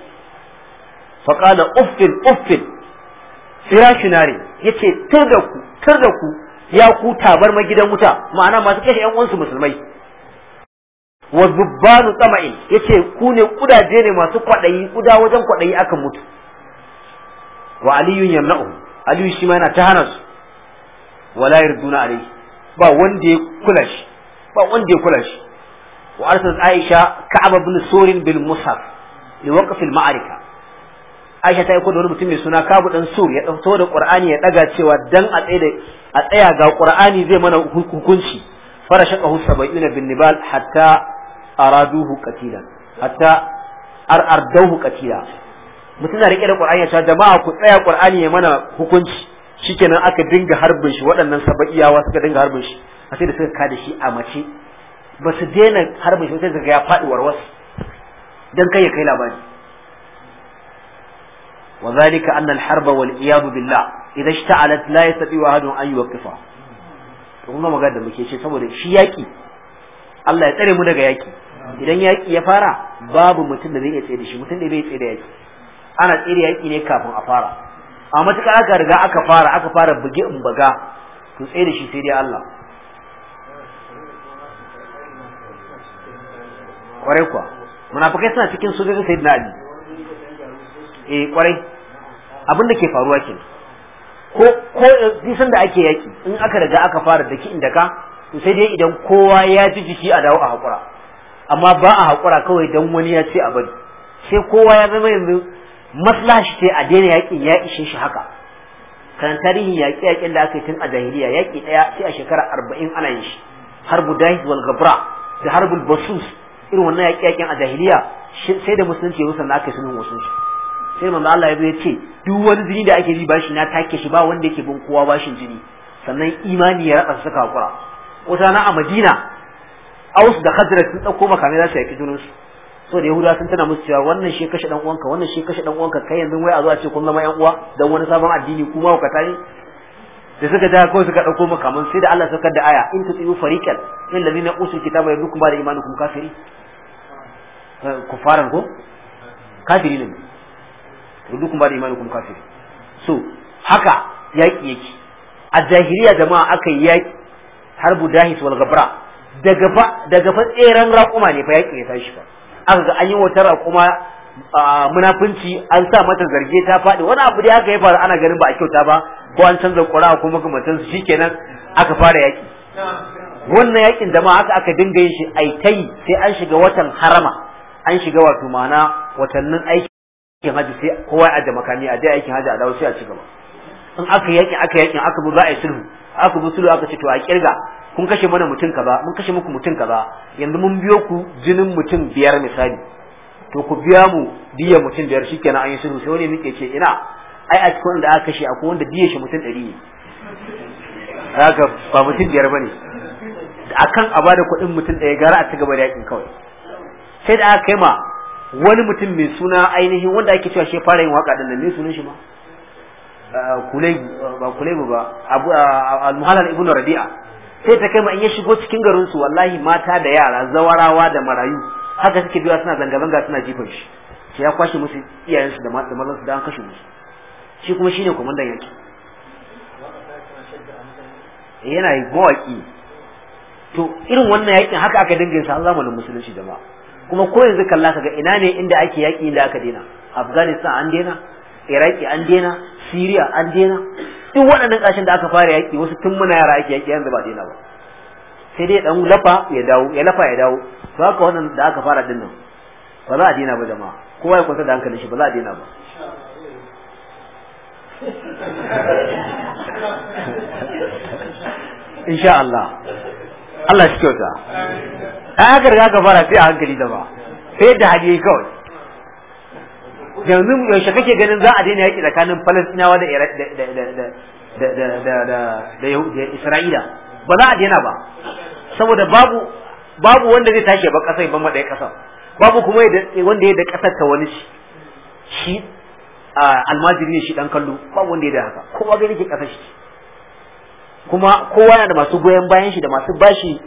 S1: fa qala uffin uffin firashinare yace tur da ku tur da ku ya ku tabar gidan wuta ma'ana masu kashe yan uwansu musulmai wa zubbanu tsama'in yace ku ne kudaje ne masu kwadayi kuda wajen kwadayi akan mutu wa aliyun yamna'u aliyu shi ma yana ta hana su wala yarduna alayhi ba wanda ya kula shi ba wanda ya kula shi wa arsalat aisha ka'ab ibn surin bil mushaf li waqf al ma'arika aisha ta aiko da wani mutum mai suna kabu dan sur ya dauko da qur'ani ya daga cewa dan a tsaya a tsaya ga qur'ani zai mana hukunci farashaqahu sab'ina bin nibal hatta araduhu qatilan hatta ar ardawhu qatila mutum na rike da qur'ani ya jama'a ku tsaya qur'ani ya mana hukunci shikenan aka dinga harbin shi waɗannan saba'iyawa suka dinga harbin shi a sai da suka kada shi a mace ba su daina harbin shi sai daga ya faɗi warwas dan kai ya kai labari wa zalika anna al-harba wal iyadu billah idan ishta'alat la yastati wa hadun an yuwaqqifa to kuma magana da muke ce saboda shi yaki Allah ya tsare mu daga yaki idan yaki ya fara babu mutum da zai iya tsaye da shi mutum da bai tsaye da yaki ana tsere yaƙi ne kafin a fara a matuƙa aka riga aka fara aka fara buge in baga to tsere da shi sai dai Allah kwarai kuwa munafikai suna cikin sojojin sayyidina Ali eh kwarai abin da ke faruwa ke ko ko eh, disan da ake yaki in aka riga aka fara daki inda ka to sai dai idan kowa ya ji jiki a dawo a hakura amma ba a hakura kawai dan wani ya ce a bari sai kowa ya zama yanzu maslaha sai a daina yaƙin ya ishe shi haka kan tarihin yaƙi yaƙin da aka yi tun a jahiliya yaƙi ɗaya sai a shekara arba'in ana yin shi harbu dahid wal gabra da harbul basus irin wannan yaƙi yaƙin a jahiliya sai da musulunci ya rusa na aka yi sunan musulunci sai manzo Allah ya ce duk wani jini da ake ji bashi na take shi ba wanda yake bin kowa bashin jini sannan imani ya ratsa suka hakura wata na a Madina Aus da Khazraj sun ɗauko makamai za su yaƙi junansu so da yahudawa sun tana musu cewa wannan shi kashe dan uwanka wannan shi kashe dan uwanka kai yanzu wai a zo a ce kun zama yan uwa dan wani sabon addini kuma ku tare da suka ja kawai suka dauko makaman sai da Allah saukar da aya in tusibu fariqan min ladina usul kitaba yadukum ba da imanukum kafiri eh, kufaran ko kafiri ne yadukum ba da imanukum kafiri so haka yaki yaki a jahiliya jama'a aka yi yaki harbu dahis wal gabra daga fa daga fa tseren raƙuma ne fa yaki ya tashi fa aka ga an yi wutar kuma munafunci an sa mata zarge ta faɗi wani abu da haka ya faru ana ganin ba a kyauta ba ko an canza ƙura ko makamantan su shikenan aka fara yaƙi wannan yaƙin ma haka aka dinga yin shi ai tai sai an shiga watan harama an shiga wato ma'ana watannin aikin haji sai kowa ya ajiye makami a jiya aikin haji a dawo sai a ci gaba in aka yaƙi aka yaƙi aka bu za a yi sulhu aka bu sulhu aka ce to a kirga kun kashe mana mutum kaza mun kashe muku mutum kaza yanzu mun biyo ku jinin mutum biyar misali to ku biya mu diya mutum biyar shikenan an yi sulhu sai wani muke ce ina ai a cikin wanda aka kashe akwai wanda diya shi mutum ɗari ne
S2: haka ba mutum biyar bane
S1: akan a bada kuɗin mutum ɗaya gara a ci gaba da yakin kawai sai da aka kai ma wani mutum mai suna ainihin wanda ake cewa shi fara yin waka din nan ne sunan shi ma kulai ba kulai ba abu al muhallal ibnu rabi'a sai ta kai ma in ya shigo cikin garin su wallahi mata da yara zawarawa da marayu haka suke biya suna zanga zanga suna jifan shi sai ya kwashe musu iyayen su da mazan su da an kashe musu shi kuma shine komandan yaki eh, yana yi mawaki to irin wannan yakin haka aka dinga yin sa zamanin musulunci jama'a kuma ko yanzu kalla ka ga ina ne inda ake yaki inda aka dena Afghanistan an dena Iraki an dena Syria an dena duk waɗannan ƙashin da aka fara yaƙi wasu tun muna yara ake yaƙi yanzu ba daina ba sai dai dan lafa ya dawo ya lafa ya dawo to haka wannan da aka fara dinnan ba za a daina ba jama'a kowa ya kwanta da hankalin shi ba za a daina ba
S2: insha Allah
S1: Allah shi kyauta ta haka da aka fara sai a hankali da ba sai da hadiyi kawai yanzu yaushe kake ganin za a daina yaki tsakanin Falastinawa da da Isra'ila ba za a daina ba saboda babu babu wanda zai tashi ba ƙasar ban maɗaya kasar babu kuma wanda ya da kasar ta wani shi almajiri ne shi dan kallo babu wanda ya da haka kowa gani ke kasar shi kuma kowa na da masu goyon bayan shi da masu bashi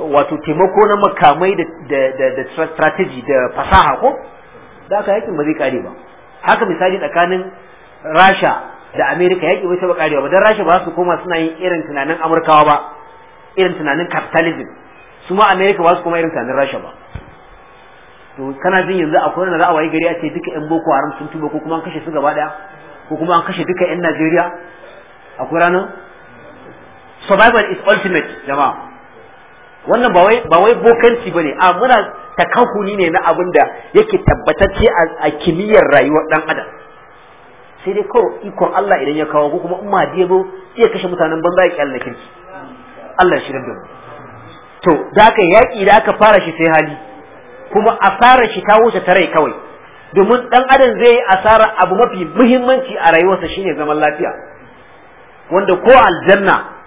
S1: wato taimako na makamai da strategy da fasaha ko da aka yakin ba zai kare ba haka misali tsakanin rasha da amerika yaki bai taba karewa ba dan rasha ba su koma suna yin irin tunanin amurkawa ba irin tunanin capitalism su ma amerika ba su koma irin tunanin rasha ba to kana jin yanzu akwai a waye gari a ce duka yan boko haram sun tuba ko kuma an kashe su gaba daya ko kuma an kashe duka yan najeriya akwai ranar survival is ultimate jama'a wannan ba wai ba ne a muna takahuni ne na abin da yake tabbatacce a kimiyyar rayuwar dan adam sai dai ko ikon Allah idan ya kawo ko kuma in ma debo sai kashe mutanen banza ya kyalla kirki Allah ya shirin da mu to da aka yaki da aka fara shi sai hali kuma asarar shi ta wuce ta rai kawai domin dan adam zai yi asara abu mafi muhimmanci a rayuwarsa shine zaman lafiya wanda ko aljanna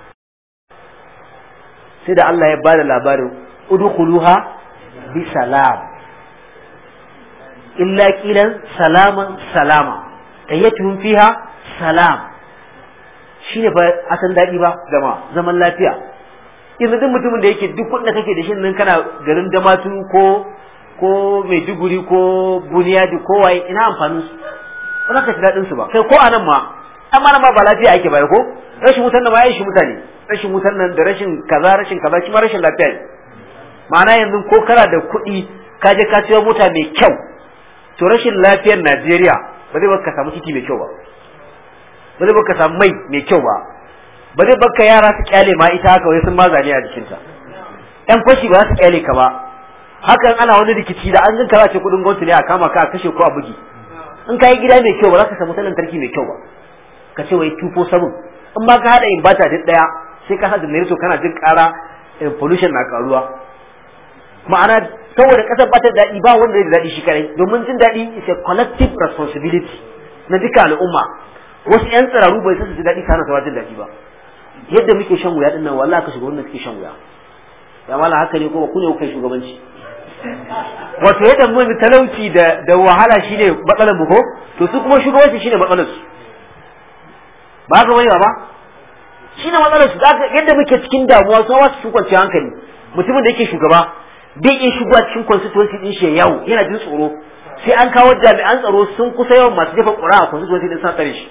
S1: sai da Allah ya ba da labarin udkhuluha bi salam illa qilan salaman salama tayyatuhum fiha salam ba a asan dadi ba gama zaman lafiya yanzu duk mutumin da yake duk wanda kake da shi nan kana garin damatu ko ko maiduguri ko buniyadi ko waye ina amfanin su ba za ka ji ba kai ko anan ma amma nan ma ba lafiya ake ba ko rashin wutan da ma ya shi mutane rashin wutar nan da rashin kaza rashin kaza shi ma rashin lafiya ne ma'ana yanzu ko kana da kuɗi ka je ka siyo mota mai kyau to rashin lafiyar Najeriya ba zai baka samu titi mai kyau ba ba zai baka samu mai mai kyau ba ba zai baka yara su kyale ma ita haka wai sun ma zaniya a jikinta ɗan kwashi ba za su kyale ka ba hakan ana wani rikici da an ganka za ce kuɗin gwamnati ne a kama ka a kashe ko a bugi in ka yi gida mai kyau ba za ka samu sanin tarki mai kyau ba ka ce wai sabon in ba ka haɗa in bata duk ɗaya sai ka sa generator kana jin ƙara eh, pollution na ƙaruwa ma'ana saboda ƙasar ba ta daɗi ba wanda zai daɗi shi kadai domin jin daɗi is a collective responsibility na duka al'umma wasu 'yan tsiraru bai san su ji daɗi kana sawa jin daɗi ba yadda muke shan wuya dinnan wallahi ka shiga wannan suke shan wuya ya mala haka ne kuma ku ne kuka shugabanci wato yadda mun talauci da da wahala shine matsalar mu ko to su kuma shugabanci shine matsalar su ba ga wai ba ne matsalar su yadda muke cikin damuwa sun wasu su kwanci hankali mutumin da yake shugaba bai in shigo cikin constituency din shi yawo yana jin tsoro sai an kawo jami'an tsaro sun kusa yawan masu jefa ƙura a constituency din sa tsare shi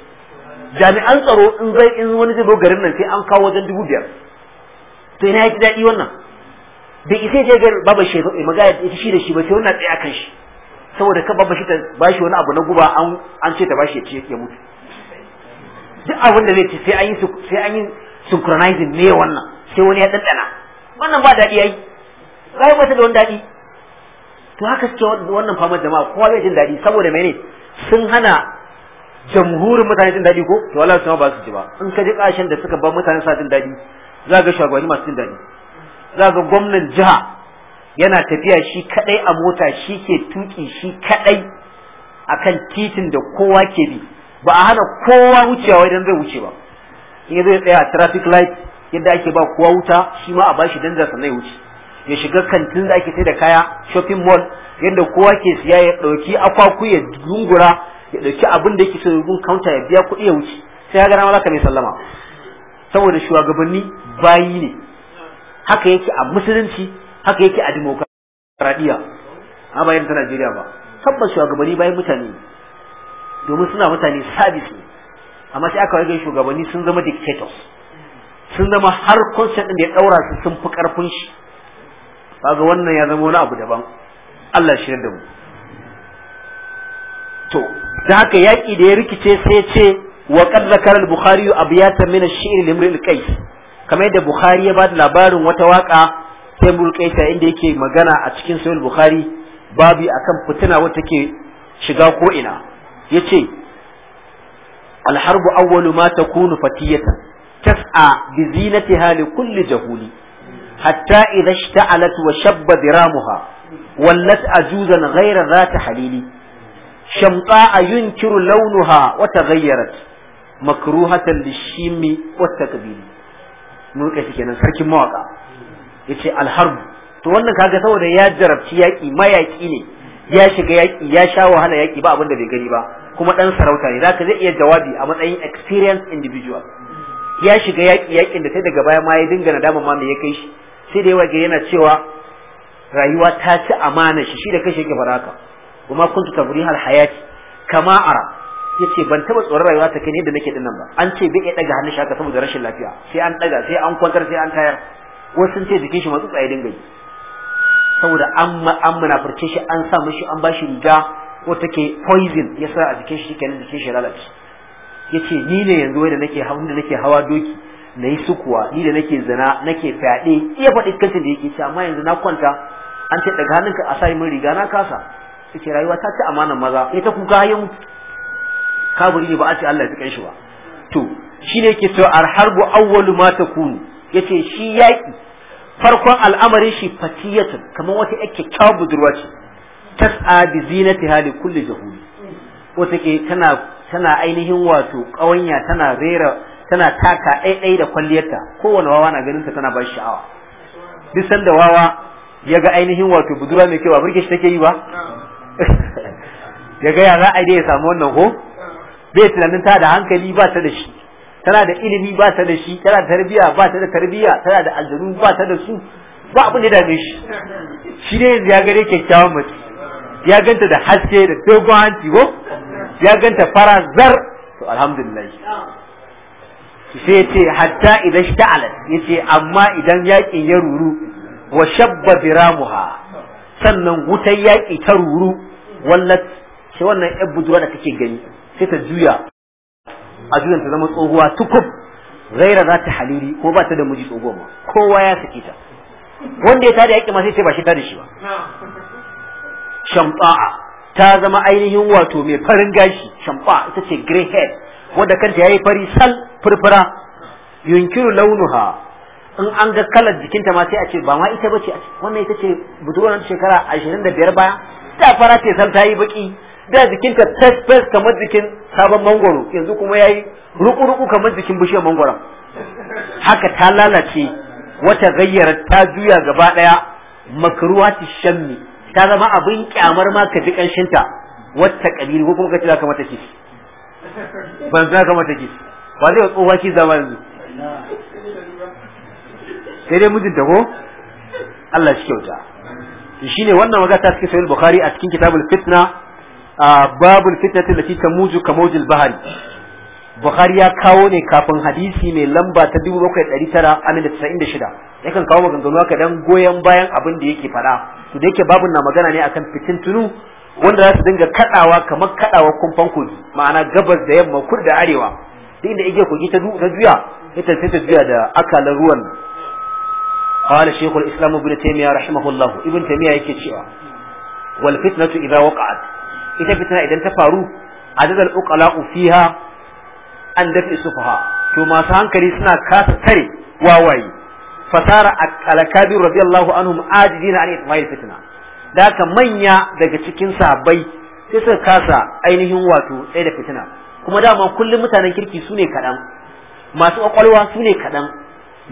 S1: jami'an tsaro in zai in wani zai garin nan sai an kawo wajen dubu biyar to ina yake daɗi wannan bai isa ya ga baba shi magana ita shi da shi ba sai wannan tsaye kan shi saboda ka baba shi ta bashi wani abu na guba an an ce ta bashi ya ce ya mutu duk abin da zai ci sai an yi sai an yi synchronizing ne wannan sai wani ya ɗanɗana wannan ba daɗi yayi yi ba ta da wani daɗi to haka suke wannan famar jama'a kowa zai jin daɗi saboda mene sun hana jamhurin mutane jin daɗi ko to wallahi sama ba su ji ba in ka ji kashin da suka ba mutane sa jin daɗi za ga shugabanni masu jin daɗi za ga gwamnan jiha yana tafiya shi kadai a mota shi ke tuki shi kadai akan titin da kowa ke bi ba a hana kowa wucewa idan zai wuce ba in zai tsaya a traffic light yadda ake ba kowa wuta shi ma a bashi danza sannan ya wuce ya shiga kantin da ake sai da kaya shopping mall yadda kowa ke siya ya ɗauki akwaku ya dungura ya ɗauki abin da yake so gun kaunta ya biya kuɗi ya wuce sai ya gana malaka mai sallama saboda shugabanni bayi ne haka yake a musulunci haka yake a dimokuraɗiyya amma yadda ta Najeriya ba tabbas shugabanni bayan mutane ne domin suna mutane sabis ne amma sai aka wajen shugabanni sun zama dictators sun zama har concept din da ya daura su sun fi karfin shi kaga wannan ya zama wani abu daban Allah shi da mu to da haka yaki da ya rikice sai ya ce wa qad zakara al-bukhari abyatan min ash-shi'r limri al kamar yadda bukhari ya ba da labarin wata waka sai mulkaita inda yake magana a cikin sahih bukhari babu akan fitina wata ke shiga ko ina yace alharbu awwalu ma takunu fatiyatan tas'a bi zinatiha li kulli jahuli hatta idha ishta'alat wa shabba diramuha wallat ajuzan ghayra zati halili shamta'a yunkiru launuha wa taghayyarat makruhatan lishimi wa takbiri mun rika shi kenan sarkin mawaka yace alharb to wannan kaga saboda ya jarabci yaki mayaki ne ya shiga yaki ya sha wahala yaki ba abin da bai gani ba kuma ɗan sarauta ne zaka zai iya jawabi a matsayin experienced individual ya shiga yaki yaƙin da sai daga baya ma ya dinga nadama ma me ya kai shi sai da yawa yana cewa rayuwa ta ci amana shi shi da kashi yake kuma haka kuma tafuri har hayati kama ara yace ban taba tsoron rayuwa ta kai ne da nake din nan ba an ce bai iya daga hannun shi haka saboda rashin lafiya sai an daga sai an kwantar sai an tayar wasu sun ce jikin shi matsatsa ya dinga yi saboda an an munafurce shi an sa mishi an bashi riga ko take poison ya sa a jikin shi kenan jikin shi lalace ya ce ni ne yanzu wai da nake da nake hawa doki na yi sukuwa ni da nake zina nake fyaɗe iya faɗi kancin da yake ci amma yanzu na kwanta an ce daga hannunka a sa min riga na kasa ce rayuwa ta ci amanan maza ita kuka hayin kaburi ne ba a ce Allah ya shi ba to shi ne yake cewa harbu awwalu ma takunu yace shi yaki farkon al'amarin shi fatiyatun kamar wata yake kyawun budurwa ce tas'a bi zinatiha li kulli jahuli ko take tana tana ainihin wato kawanya tana rera tana taka ɗaiɗai da kwalliyarta kowane wawa na ganin ta tana ba sha'awa duk da wawa ya ga ainihin wato budura mai kyau a burge shi take yi ba ya ga ya za a ya samu wannan ko bai tunanin ta da hankali ba ta da shi tana da ilimi ba ta da shi tana da tarbiya ba ta da tarbiya tana da aljanu ba ta da su ba abin da dame shi shi ne ya ga dai kyakkyawan mace ya ganta da haske da dogon hanci ko ya ganta fara zar to alhamdulillah sai ce hatta idan shi ya ce amma idan yakin ya ruru wa shabba biramuha sannan wutar yaƙi ta ruru wallat shi wannan yan budurwa da kake gani sai ta juya a juyan ta zama tsohuwa tukub gaira za ta haliri ko ba ta da miji tsohuwa ma kowa ya sake ta wanda ya tada yaki ma sai ce ba shi tada shi ba shamfa'a ta zama ainihin wato mai farin gashi shamfa'a ita ce grey head, wanda kanta yayi fari sal furfura yunkiru launuha in an ga kalar jikinta ma sai a ce ba ma ita bace wannan ita ce budurwar shekara 25 baya da fara ce sal ta yi baki da jikinta fes kamar jikin sabon mangoro yanzu kuma yayi ruku-ruku kamar jikin bishiyar mangoro. haka ta lalace wata gayyara ta juya gaba daya makruwa shammi ta zama abin kyamar ma ka ji kanshin ta wata kabiri ko kuma ka ce za ka mata kishi ban za ka mata kishi ba zai tsohuwa shi zama yanzu sai dai mijinta ko Allah shi kyauta shine wannan magana ta cikin sahih bukhari a cikin kitabul fitna babul fitnati lati tamuju kamawjil bahari Bukhari ya kawo ne kafin hadisi mai lamba ta 7996 yakan kawo maganganu haka dan goyon bayan abin da yake faɗa to da yake babun na magana ne akan fitin tunu wanda za su dinga kadawa kamar kadawa kumfan kogi ma'ana gabas da yamma kur da arewa duk inda igiyar kogi ta juya ita ta juya da akalan ruwan قال شيخ الإسلام ابن تيمية رحمه الله ابن تيمية يكتشف والفتنة إذا وقعت إذا فتنة إذا تفارو عدد الأقلاء فيها an dafi sufaha to masu hankali suna kasa tare wawaye fasara al-kabir radiyallahu anhum ajidina an itma'il fitna da ka manya daga cikin sahabbai sai suka kasa ainihin wato tsaye da fitina kuma dama kullum mutanen kirki su ne kaɗan masu ƙwaƙwalwa su ne kaɗan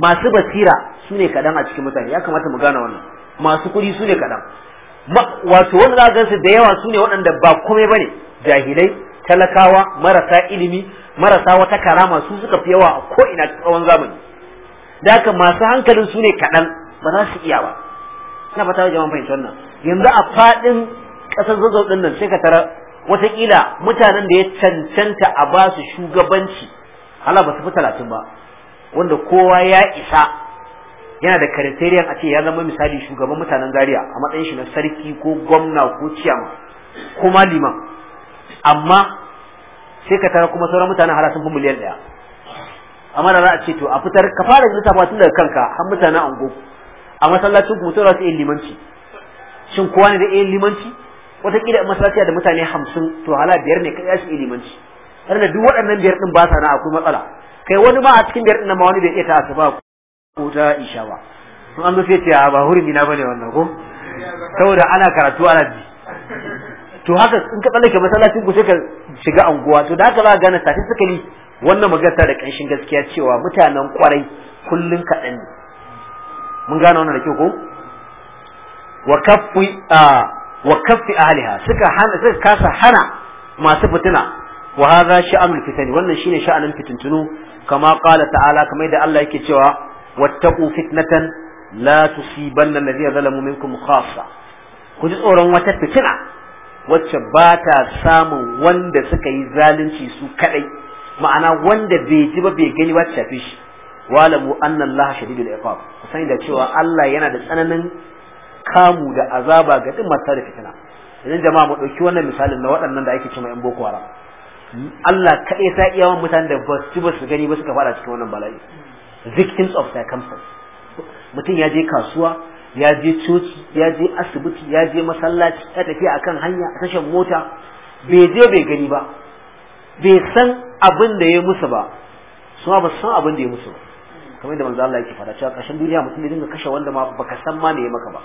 S1: masu basira su ne kaɗan a cikin mutane ya kamata mu gane wannan masu kuɗi su ne kaɗan wato wanda za gansu da yawa su ne waɗanda ba komai ba ne jahilai talakawa marasa ilimi marasa wata karama su suka fi yawa a ko ina tsawon zamani da haka masu hankalin su ne kaɗan ba za su iya ba ina fata da jama'a fahimtar nan. yanzu a faɗin ƙasar zazzau ɗin nan sai ka tara watakila mutanen da ya cancanta a ba su shugabanci hala ba su fi talatin ba wanda kowa ya isa yana da kariteriyan a ce ya zama misali shugaban mutanen Zariya a matsayin shi na sarki ko gwamna ko ciyama kuma liman amma sai ka tara kuma sauran mutanen har sun fi miliyan ɗaya amma da za a ce to a fitar ka fara yin lissafa tun daga kanka har mutanen ango a masallacin ku mutum za su iya limanci shin kowa ne da iya limanci wataƙila masallaci da mutane hamsin to hala biyar ne kai su iya limanci har da duk waɗannan biyar ɗin ba sa na akwai matsala kai wani ma a cikin biyar ɗin ma wani bai iya ta asuba ko ta isha ba in an zo sai ce ba hurumi na bane wannan ko saboda ana karatu ana ji to haka in ka tsallake masallacin ku sai ka shiga anguwa to da haka za ka gane statistically wannan magana ta da kanshin gaskiya cewa mutanen kwarai kullun kaɗan ne mun gane wannan da kyau ko wa kaffi a wa kaffi ahliha suka hana suka kasa hana masu fitina wa hadha sha'anul fitani wannan shine sha'anin fitintunu kama qala ta'ala kamar da Allah yake cewa wattaqu fitnatan la tusibanna alladhina zalamu minkum khassa ku ji tsoron wata fitina wacce ba ta samun wanda suka yi zalunci su kadai ma'ana wanda bai ji ba bai gani ba ta shi walamu anna a shadidul iqab ku da cewa Allah yana da tsananin kamu da azaba ga duk masu da fitina idan jama'a mu dauki wannan misalin na waɗannan da ake cewa yan boko haram Allah kaɗai sa iya wa mutanen da ba su ba su gani ba suka fara cikin wannan bala'i victims of circumstance mutum ya je kasuwa ya je coci ya je asibiti ya je masallaci ya tafi akan hanya a tashan mota bai je bai gani ba bai san abin da ya musu ba su ba san abin da ya musu ba kamar da manzo Allah yake fada cewa ƙarshen duniya mutum zai dinga kashe wanda ma baka san ma me ya maka ba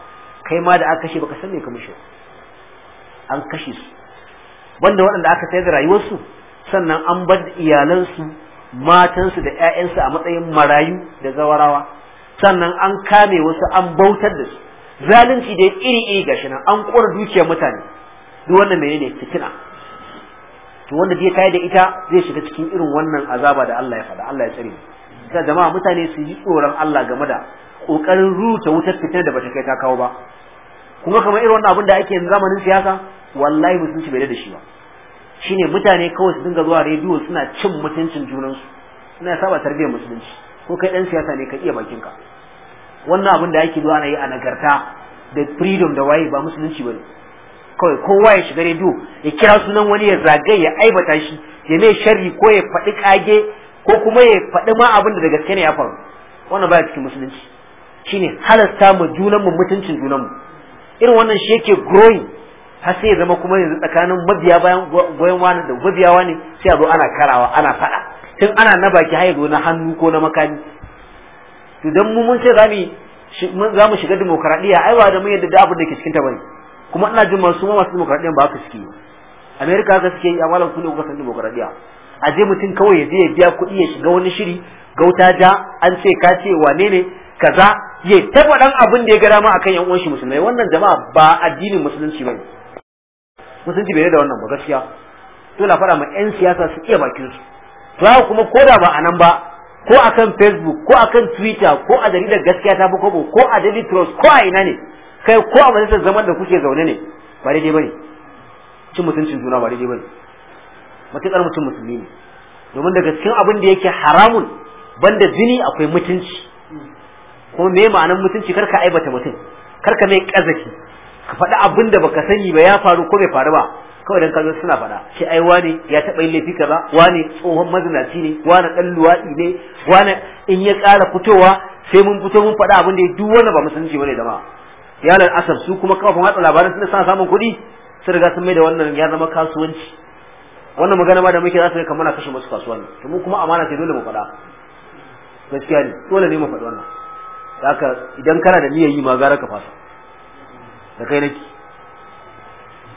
S1: kai ma da aka kashe baka san me ka mishi an kashe su banda waɗanda aka sayar da rayuwarsu sannan an bar iyalansu matansu da 'ya'yansu a matsayin marayu da zawarawa sannan an kame wasu an bautar da su zalunci dai iri iri gashi nan an kora dukiyar mutane duk wannan ne fitina to wanda zai kai da ita zai shiga cikin irin wannan azaba da Allah ya faɗa Allah ya tsare mu jama'a mutane su yi tsoron Allah game da kokarin ruta wutar fitina da bata kai ta kawo ba kuma kamar irin wannan abin da ake yanzu zamanin siyasa wallahi mutunci bai da shi ba shine mutane kawai su dinga zuwa rediyo suna cin mutuncin junansu suna saba tarbiyyar musulunci ko kai dan siyasa ne ka iya bakinka wannan abin da yake zuwa na yi a nagarta da freedom da waye ba musulunci bane kawai kowa ya shiga rediyo ya kira sunan wani ya zagaye ya aibata shi ya mai sharri ko ya faɗi kage ko kuma ya faɗi ma abin da gaske ne ya faru wannan baya cikin musulunci shine halasta mu junanmu mutuncin junan mu irin wannan shi yake growing har sai ya zama kuma yanzu tsakanin mabiya bayan goyon wani da mabiya wani sai a zo ana karawa ana faɗa tun ana na baki haihu na hannu ko na makani to dan mu mun ce za mu shiga demokradiyya ai ba da mu yadda da abin da ke cikin ta bane kuma ina jin masu masu demokradiyya ba haka suke America haka suke yi amalan ku ne kuka san demokradiyya a je mutum kawai ya je ya biya kuɗi ya shiga wani shiri gauta ja an ce ka ce wane ne kaza ya taba dan abin da ya ga dama akan yan uwan shi musulmai wannan jama'a ba addinin musulunci bane musulunci bai da wannan ba gaskiya dole a faɗa ma 'yan siyasa su iya bakin su to haka kuma ko da ba a nan ba ko akan facebook ko kan twitter ko a jaridar gaskiya ta fi kobo ko a daily trust ko a ina ne kai ko a majalisar zaman da kuke zaune ne ba daidai bane cin mutuncin juna ba daidai bane matuƙar mutum musulmi ne domin daga cikin abin da yake haramun banda jini akwai mutunci kuma me ma'anar mutunci kar karka aibata mutum karka mai kazafi ka faɗi abin da baka sani ba ya faru ko bai faru ba kawai dan kazo suna faɗa shi ai wani ya taɓa yin laifi kaza wani tsohon mazinaci ne wani dan luwadi ne wani in ya ƙara fitowa sai mun fito mun faɗa abin da ya duk wani ba musulunci bane Ya yalan asab su kuma kafin watsa labaran suna sa samun kuɗi sun riga sun mai da wannan ya zama kasuwanci wannan magana ma da muke za su ga kamar kashe musu kasuwan to mu kuma amana sai dole mu faɗa gaskiya ne dole ne mu faɗi wannan haka idan kana da niyyar yi ma gara ka fasa da kai nake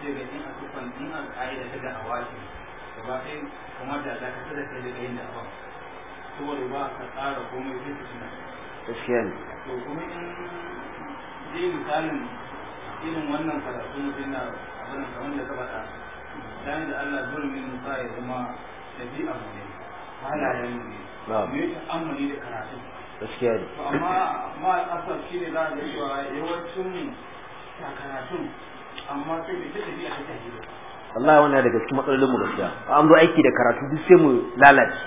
S2: sai ga in a kufan in a ka'ida ta da kuma da za ka tada kai daga yin da awa ba ka tsara komai sai gaskiya ne to kuma in dai misalin irin wannan karatu mutum na abin dan da Allah zulmin ya zama dabi'a ne halayen ne me ya ta'ammali da karatu gaskiya ne amma ma al'asar za cewa yawancin karatun amma sai da shi tafiya ta
S1: wallahi wannan daga cikin matsalolin mu gaskiya an zo aiki da karatu duk sai mu lalace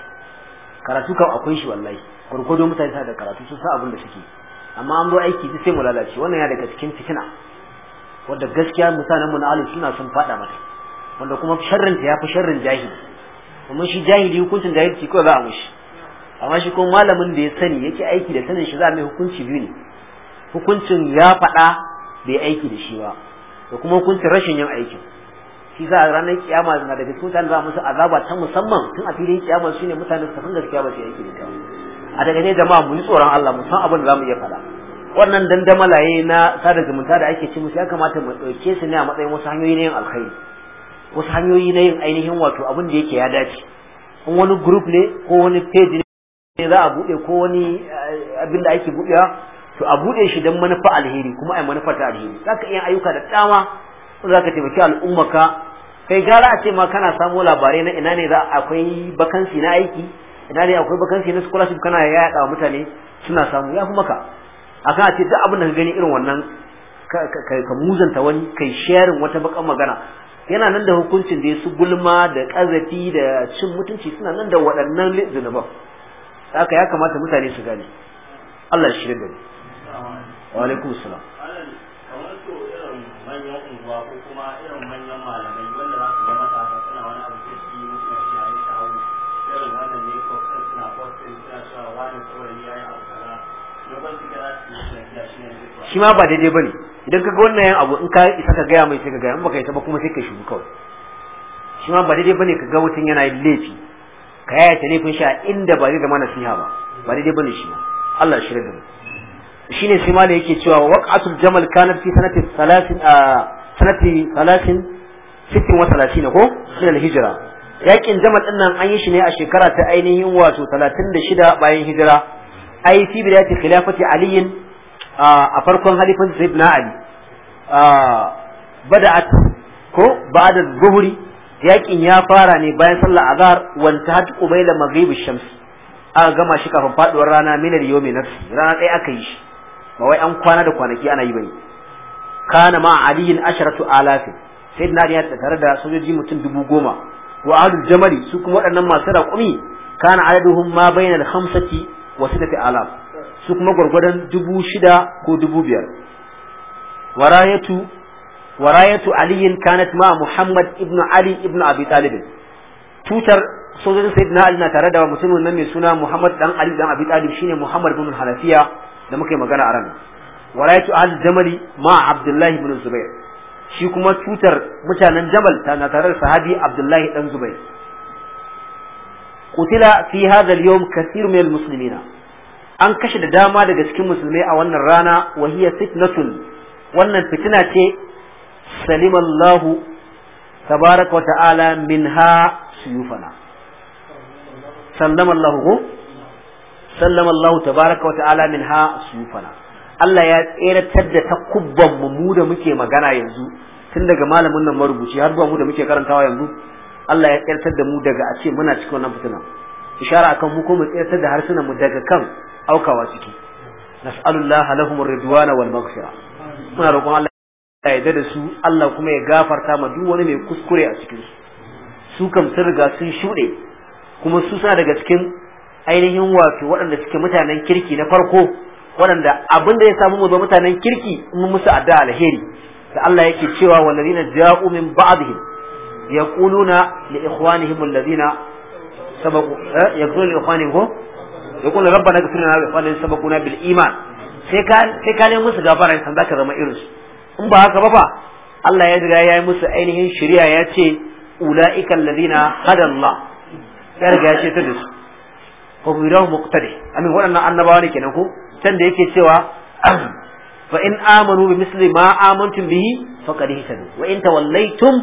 S1: karatu kam akwai shi wallahi gurgudo mutane sa da karatu sun sa abin da suke amma an zo aiki duk sai mu lalace wannan ya daga cikin fitina wanda gaskiya mutanen mu na alu suna son fada mata wanda kuma sharrin ta yafi sharrin jahili kuma shi jahili hukuncin jahilci kawai za a mishi amma shi kuma malamin da ya sani yake aiki da sanin shi za a mai hukunci biyu ne hukuncin ya faɗa bai aiki da shi ba da kuma hukuncin rashin yin aikin shi za a ranar kiyama na daga cikin mutane za musu azaba ta musamman tun a filin kiyama su ne mutane su san gaskiya ba su aiki da ta a daga ne jama'a mu yi tsoron Allah mu san abin da za mu iya faɗa wannan dandamalaye na sada zumunta da ake ci musu ya kamata mu ɗauke su ne a matsayin wasu hanyoyi na yin alkhairi wasu hanyoyi na yin ainihin wato abin da yake ya dace in wani group ne ko wani page ne za a buɗe ko wani eh, abin da ake buɗewa to a bude shi don manufa alheri kuma a manufa ta alheri za ka iya ayyuka da dama za ka taimaki al'ummaka kai gara a ce ma kana samu labarai na ina ne za akwai bakansi na aiki ina ne akwai bakansi na scholarship kana yaɗa wa mutane suna samu ya fi maka kan a ce duk abin da ka gani irin wannan ka muzanta wani kai sharing wata bakan magana yana nan da hukuncin da su gulma da ƙazafi da cin mutunci suna nan da waɗannan zunuban haka ya kamata mutane su gane Allah shirin da wa alaikum salam shi
S2: ne shi ma ba
S1: daidai bane idan ka ga wannan yan abu in ka isa ka gaya mai sai ka gaya in baka isa ba kuma sai ka shigo kawai shi ma ba daidai bane ka ga mutum yana yin laifi ka yaya ta laifin shi a inda ba zai zama nasiha ba ba daidai bane shi ma Allah ya shirya da mu ne sima da yake cewa waqatul jamal kanat fi sanati 30 sanati 30 sittin wa 30 ko min hijira. Yaƙin jamal din nan an yi shi ne a shekara ta ainihin wato shida bayan hijira ai fi bidayati khilafati aliyin a farkon halifan sayyidina ali bada'at ko ba'da zuhuri yaƙin ya fara ne bayan sallar azhar wanta had ubayla maghrib shams aka gama shi kafin faduwar rana minar yomi nafsi rana ɗaya aka yi shi ba wai an kwana da kwanaki ana yi bane kana ma aliyin asharatu alafi sai na ya tare da sojoji mutum dubu goma wa ahlul jamali su kuma waɗannan masu raƙumi kana adaduhum ma bainal khamsati wa sittati alaf su kuma gwargwadon dubu shida ko dubu biyar warayatu warayatu aliyin kanat ma muhammad ibnu ali ibnu abi talib tutar sojojin sayyidina ali na tare da mutumin nan mai suna muhammad dan ali dan abi talib shine muhammad ibn halafiya da muka yi magana a ran walayatu ahli jamali ma abdullahi ibn zubair shi kuma tutar mutanen jamal ta na tare da sahabi abdullahi dan zubair kutila fi hadha al-yawm kathir min al-muslimina an kashe da dama daga cikin musulmai a wannan rana wa hiya fitnatun wannan fitina ce salimallahu tabaraka wa ta'ala minha suyufana sallamallahu sallama Allah tabaraka wata'ala ha sufana Allah ya tseratar da takubban mu mu da muke magana yanzu tun daga malamin nan marubuci har zuwa mu da muke karantawa yanzu Allah ya tseratar da mu daga a ce muna cikin wannan fitina ishara akan mu ko mu tseratar da harsunan mu daga kan aukawa ciki nas'alullaha lahum ridwana wal maghfira muna roƙon Allah ya yarda da su Allah kuma ya gafarta ma duk wani mai kuskure a cikin su su kam sun riga sun shuɗe kuma su suna daga cikin ainihin wato waɗanda suke mutanen kirki na farko waɗanda abin da ya samu mu zo mutanen kirki mun musu addu'a alheri da Allah yake cewa wallazina ja'u min ba'dihim yaquluna li ikhwanihim alladhina sabaqu eh, yaquluna li ikhwanihim ko rabbana ighfir lana wa ikhwanina sabaquna bil iman sai ka sai ka ne musu gafara san zaka zama irin su in ba haka ba fa Allah ya riga ya yi musu ainihin shari'a ya ce ulaika alladhina hada Allah ya riga ya ce ta da su wa bidahu muqtadi amin waɗannan annabawa ne kenan ko can da yake cewa fa in amanu bi misli ma amantum bihi faqad ihtadu wa in tawallaytum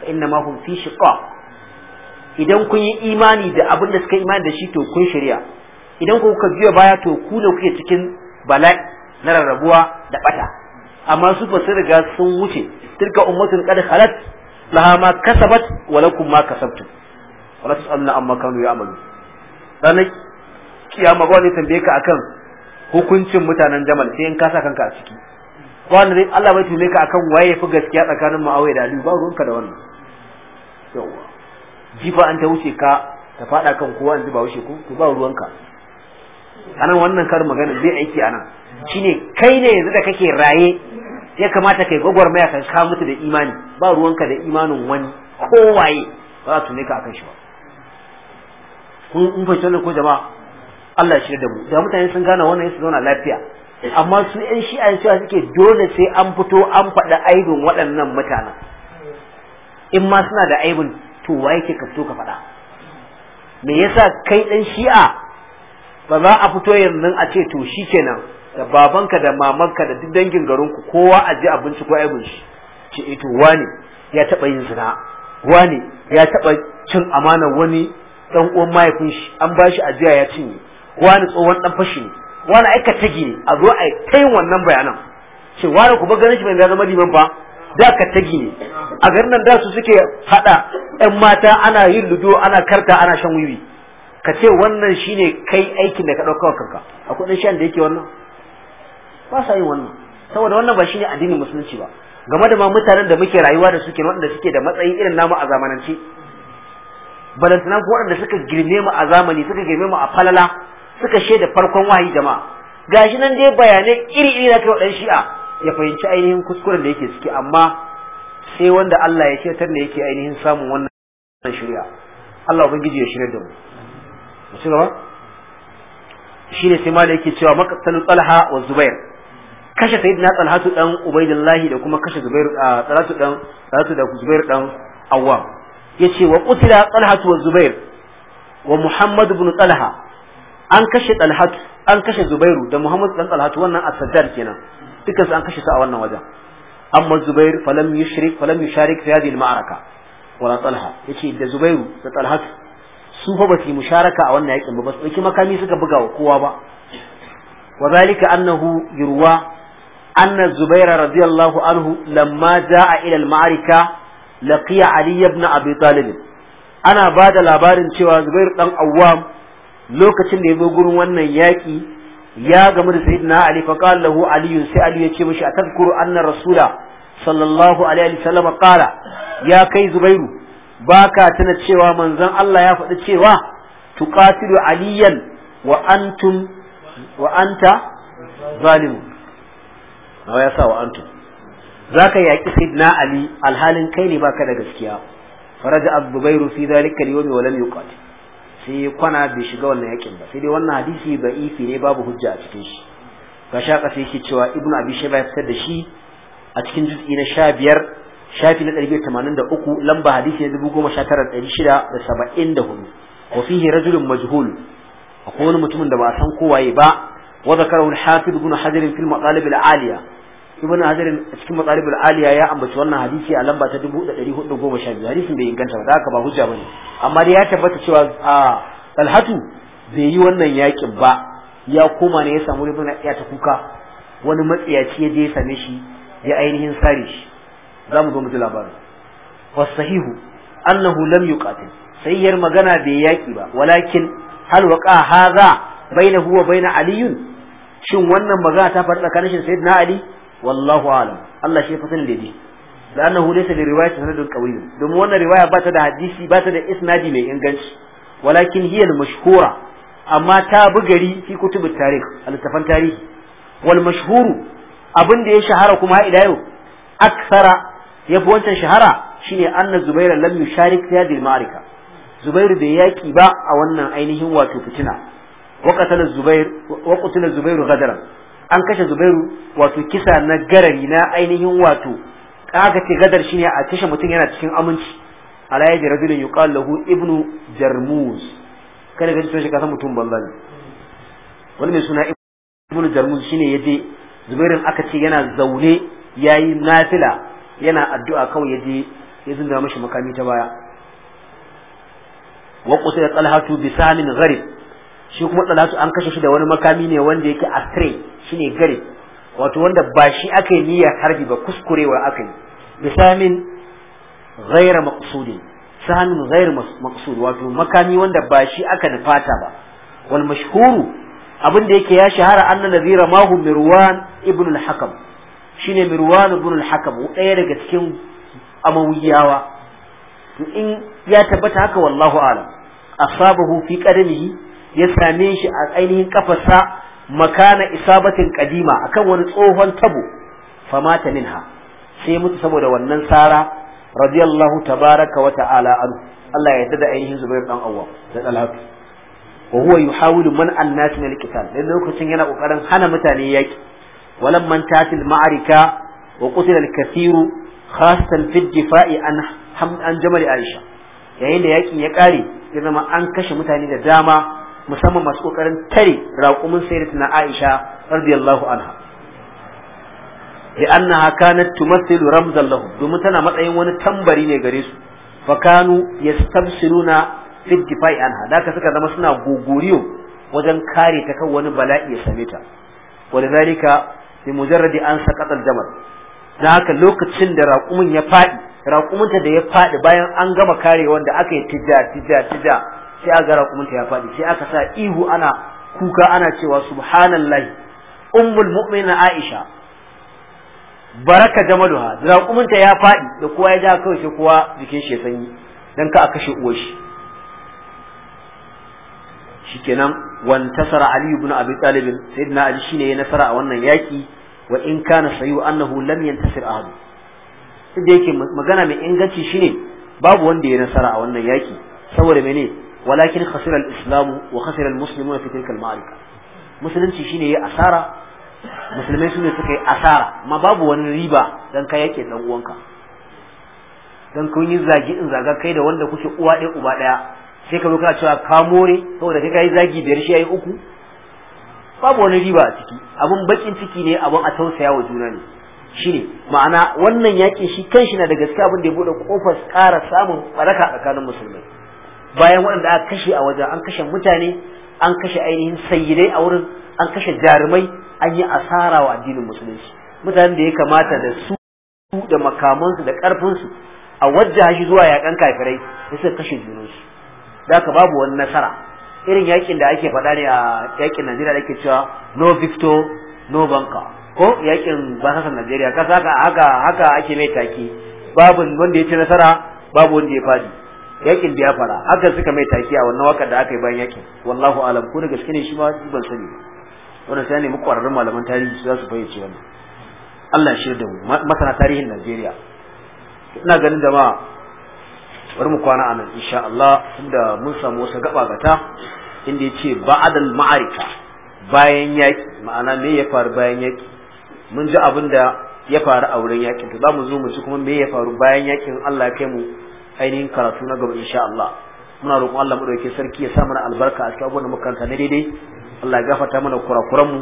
S1: fa inna ma hum fi shiqaq idan kun yi imani da abin da suka imani da shi to kun shirya idan ku kuka biyo baya to ku ne kuke cikin bala'i na rarrabuwa da bata amma su ba sun riga sun wuce tilka ummatun qad khalat laha ma kasabat wa lakum ma kasabtum wa la tusaluna amma kanu ya'malun ranar kiyama ba wani tambaye ka akan hukuncin mutanen jamal sai in kasa kanka a ciki ba wani zai Allah bai tume ka akan waye ya fi gaskiya tsakanin Muawiya da Aliyu ba ruwanka da wannan yawa jifa an ta wuce ka ta fada kan kowa an ji ba wuce ku to ba ruwanka anan wannan karin magana zai aiki anan shine kai ne yanzu da kake raye ya kamata kai gwagwarmaya ka ka mutu da imani ba ruwanka da imanin wani kowaye ba za su ka akan shi ba kun fahimci wannan ko jama'a Allah ya shi da mu da mutane sun gane wannan su zauna lafiya amma su yan shi'a cewa suke dole sai an fito an faɗa aibin waɗannan mutanen in ma suna da aibin to waye ke ka fito ka faɗa me yasa kai ɗan shi'a ba za a fito yanzu a ce to shi kenan da babanka da mamanka da duk dangin garinku kowa a je abinci ko aibin shi ce eh to wani ya taɓa yin zina wani ya taɓa cin amanar wani dan uwan mahaifin shi an ba shi ajiya ya cinye wani tsohon dan fashi ne wani aika tagi ne a zo a ta yin wannan bayanan ce wani ku ganin shi mai da zama liman fa da ka ta a garin nan da su suke hada yan mata ana yin ludo ana karta ana shan wiwi ka ce wannan shine kai aikin da ka dauka wa kanka a kudin shan da yake wannan ba sa yin wannan saboda wannan ba shine addinin musulunci ba game da ma mutanen da muke rayuwa da suke waɗanda suke da matsayi irin namu a zamanance balantana ko waɗanda suka girme mu a zamani suka girme mu a falala suka shaida farkon wahayi jama'a gashi nan dai bayanai iri-iri na kai dan shi'a ya fahimci ainihin kuskuren da yake ciki amma sai wanda Allah ya cetar da yake ainihin samun wannan shari'a Allah ubangiji ya shirya da mu mu gaba? Shi ne sai da yake cewa maqtalu Talha wa Zubair kashe sayyidina tsalhatu dan Ubaidullahi da kuma kashe Zubair ah, dan da Zubair dan Awwam yace wa qutila talha wa zubair wa muhammad ibn talha an kashe talha an kashe zubairu da muhammad ibn talha wannan asadar kenan dukkan su an kashe su a wannan wajen amma zubair falam yushrik falam yusharik fi hadhihi al-ma'araka wala talha yace da zubairu da talha su fa ba su musharaka a wannan yakin ba su dauki makami suka buga wa kowa ba wa zalika annahu yurwa anna zubair radiyallahu anhu lamma jaa ila al-ma'arika laqiya ali ibn abi talib ana ba da labarin cewa zubair dan awwam lokacin da ya zo gurin wannan yaki ya gamu da sayyidina ali fa qala lahu ali sai ali ya ce mishi atadhkuru anna rasula sallallahu alaihi wasallam qala ya kai zubairu baka tana cewa manzon Allah ya faɗi cewa tuqatilu aliyan wa antum wa anta zalimun ya sa wa antum zaka yaki sidna ali alhalin kai ne baka da gaskiya faraja az-zubairu fi dhalika al-yawm wa lam yuqatil sai kwana bai shiga wannan yakin ba sai dai wannan hadisi da'ifi ne babu hujja a cikin shi ga shaka sai yake cewa ibnu abi shayba ya fitar da shi a cikin juz'i na 15 shafi na 183 lamba hadisi na 19674 wa fihi rajulun majhul akwai wani mutumin da ba a san kowaye ba wa zakarahu al-hafiz ibn hajar fil maqalib al-aliya ibn hajar a cikin matsalibul aliya ya ambaci wannan hadisi a lamba ta 1412 hadisin bai inganta ba haka ba hujja bane amma dai ya tabbata cewa a talhatu bai yi wannan yakin ba ya koma ne ya samu ibn ya ta kuka wani matsiyaci ya je ya same shi ya ainihin sare shi mu zo mu ji labarin wasahihu annahu lam yuqatil sayyar magana bai yaki ba walakin hal waqa hadha bainahu wa bain aliyun shin wannan magana ta faru tsakanin shi sayyidina ali wallahu alam Allah shi ya fasin daidai لأنه ليس لرواية سند قوي دم وانا رواية بات دا حديثي بات دا إسنادي من إنجلش ولكن هي المشهورة أما تابقري في كتب التاريخ الاتفان تاريخ والمشهور أبن دي شهركم إلى يو أكثر يبوانت شهرة شيني أن الزبير لم يشارك في هذه المعركة زبير بياكي باء أولنا أينهم واتو فتنا وقتل الزبير وقتل الزبير غدرا an kashe zubairu wato kisa na garari na ainihin wato aka ce gadar shine a kashe mutum yana cikin aminci ala yadi rajulin yuqal lahu ibnu jarmuz kada ka ji ka san mutum ballani wani mai suna ibnu jarmuz shine yaje zubairun aka ce yana zaune yayi nafila yana addu'a kawai yaje ya zunda mashi makami ta baya wa qutila talhatu bi samin gharib shi kuma talhatu an kashe shi da wani makami ne wanda yake astray shine gare wato wanda ba shi aka yi harbi ba kuskurewa aka yi bisamin ghaira maqsudin sahanun ghair maqsud wato makami wanda ba shi aka nufata ba wal mashhuru abin da yake ya shahara anna nazira mahu mirwan ibn al hakam shine mirwan ibn al hakam ɗaya daga cikin amawiyawa to in ya tabbata haka wallahu alam asabahu fi qadamihi ya same shi a ainihin kafarsa makana isabatin kadima akan wani tsohon tabo famata minha sai mutu saboda wannan sara radiyallahu tabaraka wa ta'ala anhu Allah ya yarda da ainihin Zubair dan Awwam da Talatu wa huwa yuhawilu man annas min alqital dan lokacin yana kokarin hana mutane yaki walam man tatil ma'arika wa qutila alkathiru khasatan fi difa'i an an jamal Aisha yayin da yakin ya kare ya zama an kashe mutane da dama musamman masu kokarin tare raƙumin na Aisha radiyallahu anha bi annaha kanat tumathilu ramzan lahu domin tana matsayin wani tambari ne gare su fa kanu yastabsiluna fi difa'i anha da suka zama suna gogoriyo wajen kare ta kan wani bala'i ya same ta walidhalika bi mujarradi an saqata al-jamal da haka lokacin da raƙumin ya faɗi ta da ya faɗi bayan an gama kare wanda aka yi tijja tijja tijja sai a gara kuma ta ya faɗi sai aka sa ihu ana kuka ana cewa subhanallahi ummul mu'mina aisha baraka jamaluha ta ya faɗi da kowa ya ja kawai sai kowa jikin shi sanyi dan ka a kashe uwar shi shikenan wan tasara ali ibn abi talib sayyidina ali shine ya nasara a wannan yaki wa in kana sayu annahu lam yantasir ahad sai yake magana mai inganci shine babu wanda ya nasara a wannan yaki saboda mene walakin khasira al-islam wa khasira al-muslimuna fi tilka al-ma'arika musulunci shine asara musulmai sune suka yi asara ma babu wani riba dan kai yake dan uwanka dan kun yi zagi in zaga kai da wanda kuke uwa ɗaya uba ɗaya sai ka zo kana cewa ka more saboda kai kai zagi biyar shi yayi uku babu wani riba a ciki Abin bakin ciki ne abun a tausaya wa juna ne shine ma'ana wannan yaƙin shi kan shi na da gaskiya abin da ya bude ƙofar ƙara samun baraka tsakanin musulmai bayan waɗanda aka kashe a wajen an kashe mutane an kashe ainihin sayyidai a wurin an kashe jarumai an yi asara wa addinin musulunci mutanen da ya kamata da su da makamansu da ƙarfinsu a wajen shi zuwa yaƙan kafirai ya suka kashe junansu da haka babu wani nasara irin yakin da ake faɗa ne a yakin najeriya da ake cewa no victor no banka ko yaƙin basasan najeriya kasa haka haka ake mai take babu wanda ya ci nasara babu wanda ya faɗi yakin biyafara haka suka mai taki a wannan wakar da aka yi bayan yakin wallahu alam ko da gaske ne shi ma ban sani wannan sai ne mu kwararrun malaman tarihi su za su fayyace wannan Allah shi da mu masana tarihin Najeriya ina ganin jama'a bari mu kwana anan insha Allah tunda mun samu wasu gaba gata inda yace ba'adal ma'arika bayan yaki ma'ana me ya faru bayan yaki mun ji abin da ya faru a wurin yakin to za mu zo mu ci kuma me ya faru bayan yakin Allah ya kai mu ainihin karatu na gaba insha Allah muna roƙon Allah mu dauke sarki ya sa mana albarka a cikin abubuwan da muka karanta ne daidai Allah ya gafarta mana kurakuran mu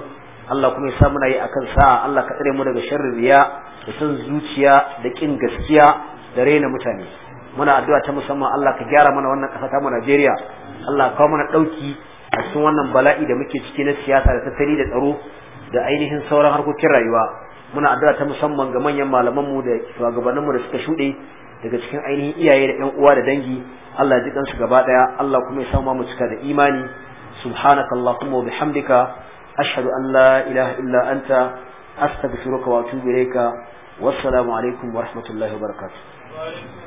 S1: Allah kuma ya sa muna yi akan sa Allah ka tsare mu daga sharrin riya da san zuciya da kin gaskiya da raina mutane muna addu'a ta musamman Allah ka gyara mana wannan ƙasa ta mu Najeriya Allah ka kawo mana dauki a cikin wannan bala'i da muke ciki na siyasa da tattali da tsaro da ainihin sauran harkokin rayuwa muna addu'a ta musamman ga manyan malamanmu da mu da suka shuɗe daga cikin ainihin iyaye da ƴan uwa da dangi Allah ya ji kansu gaba daya Allah kuma ya samu mu cika da imani subhanaka allahumma wa bihamdika ashhadu an la ilaha illa anta astaghfiruka wa atubu ilayka wassalamu alaikum wa rahmatullahi wa
S2: barakatuh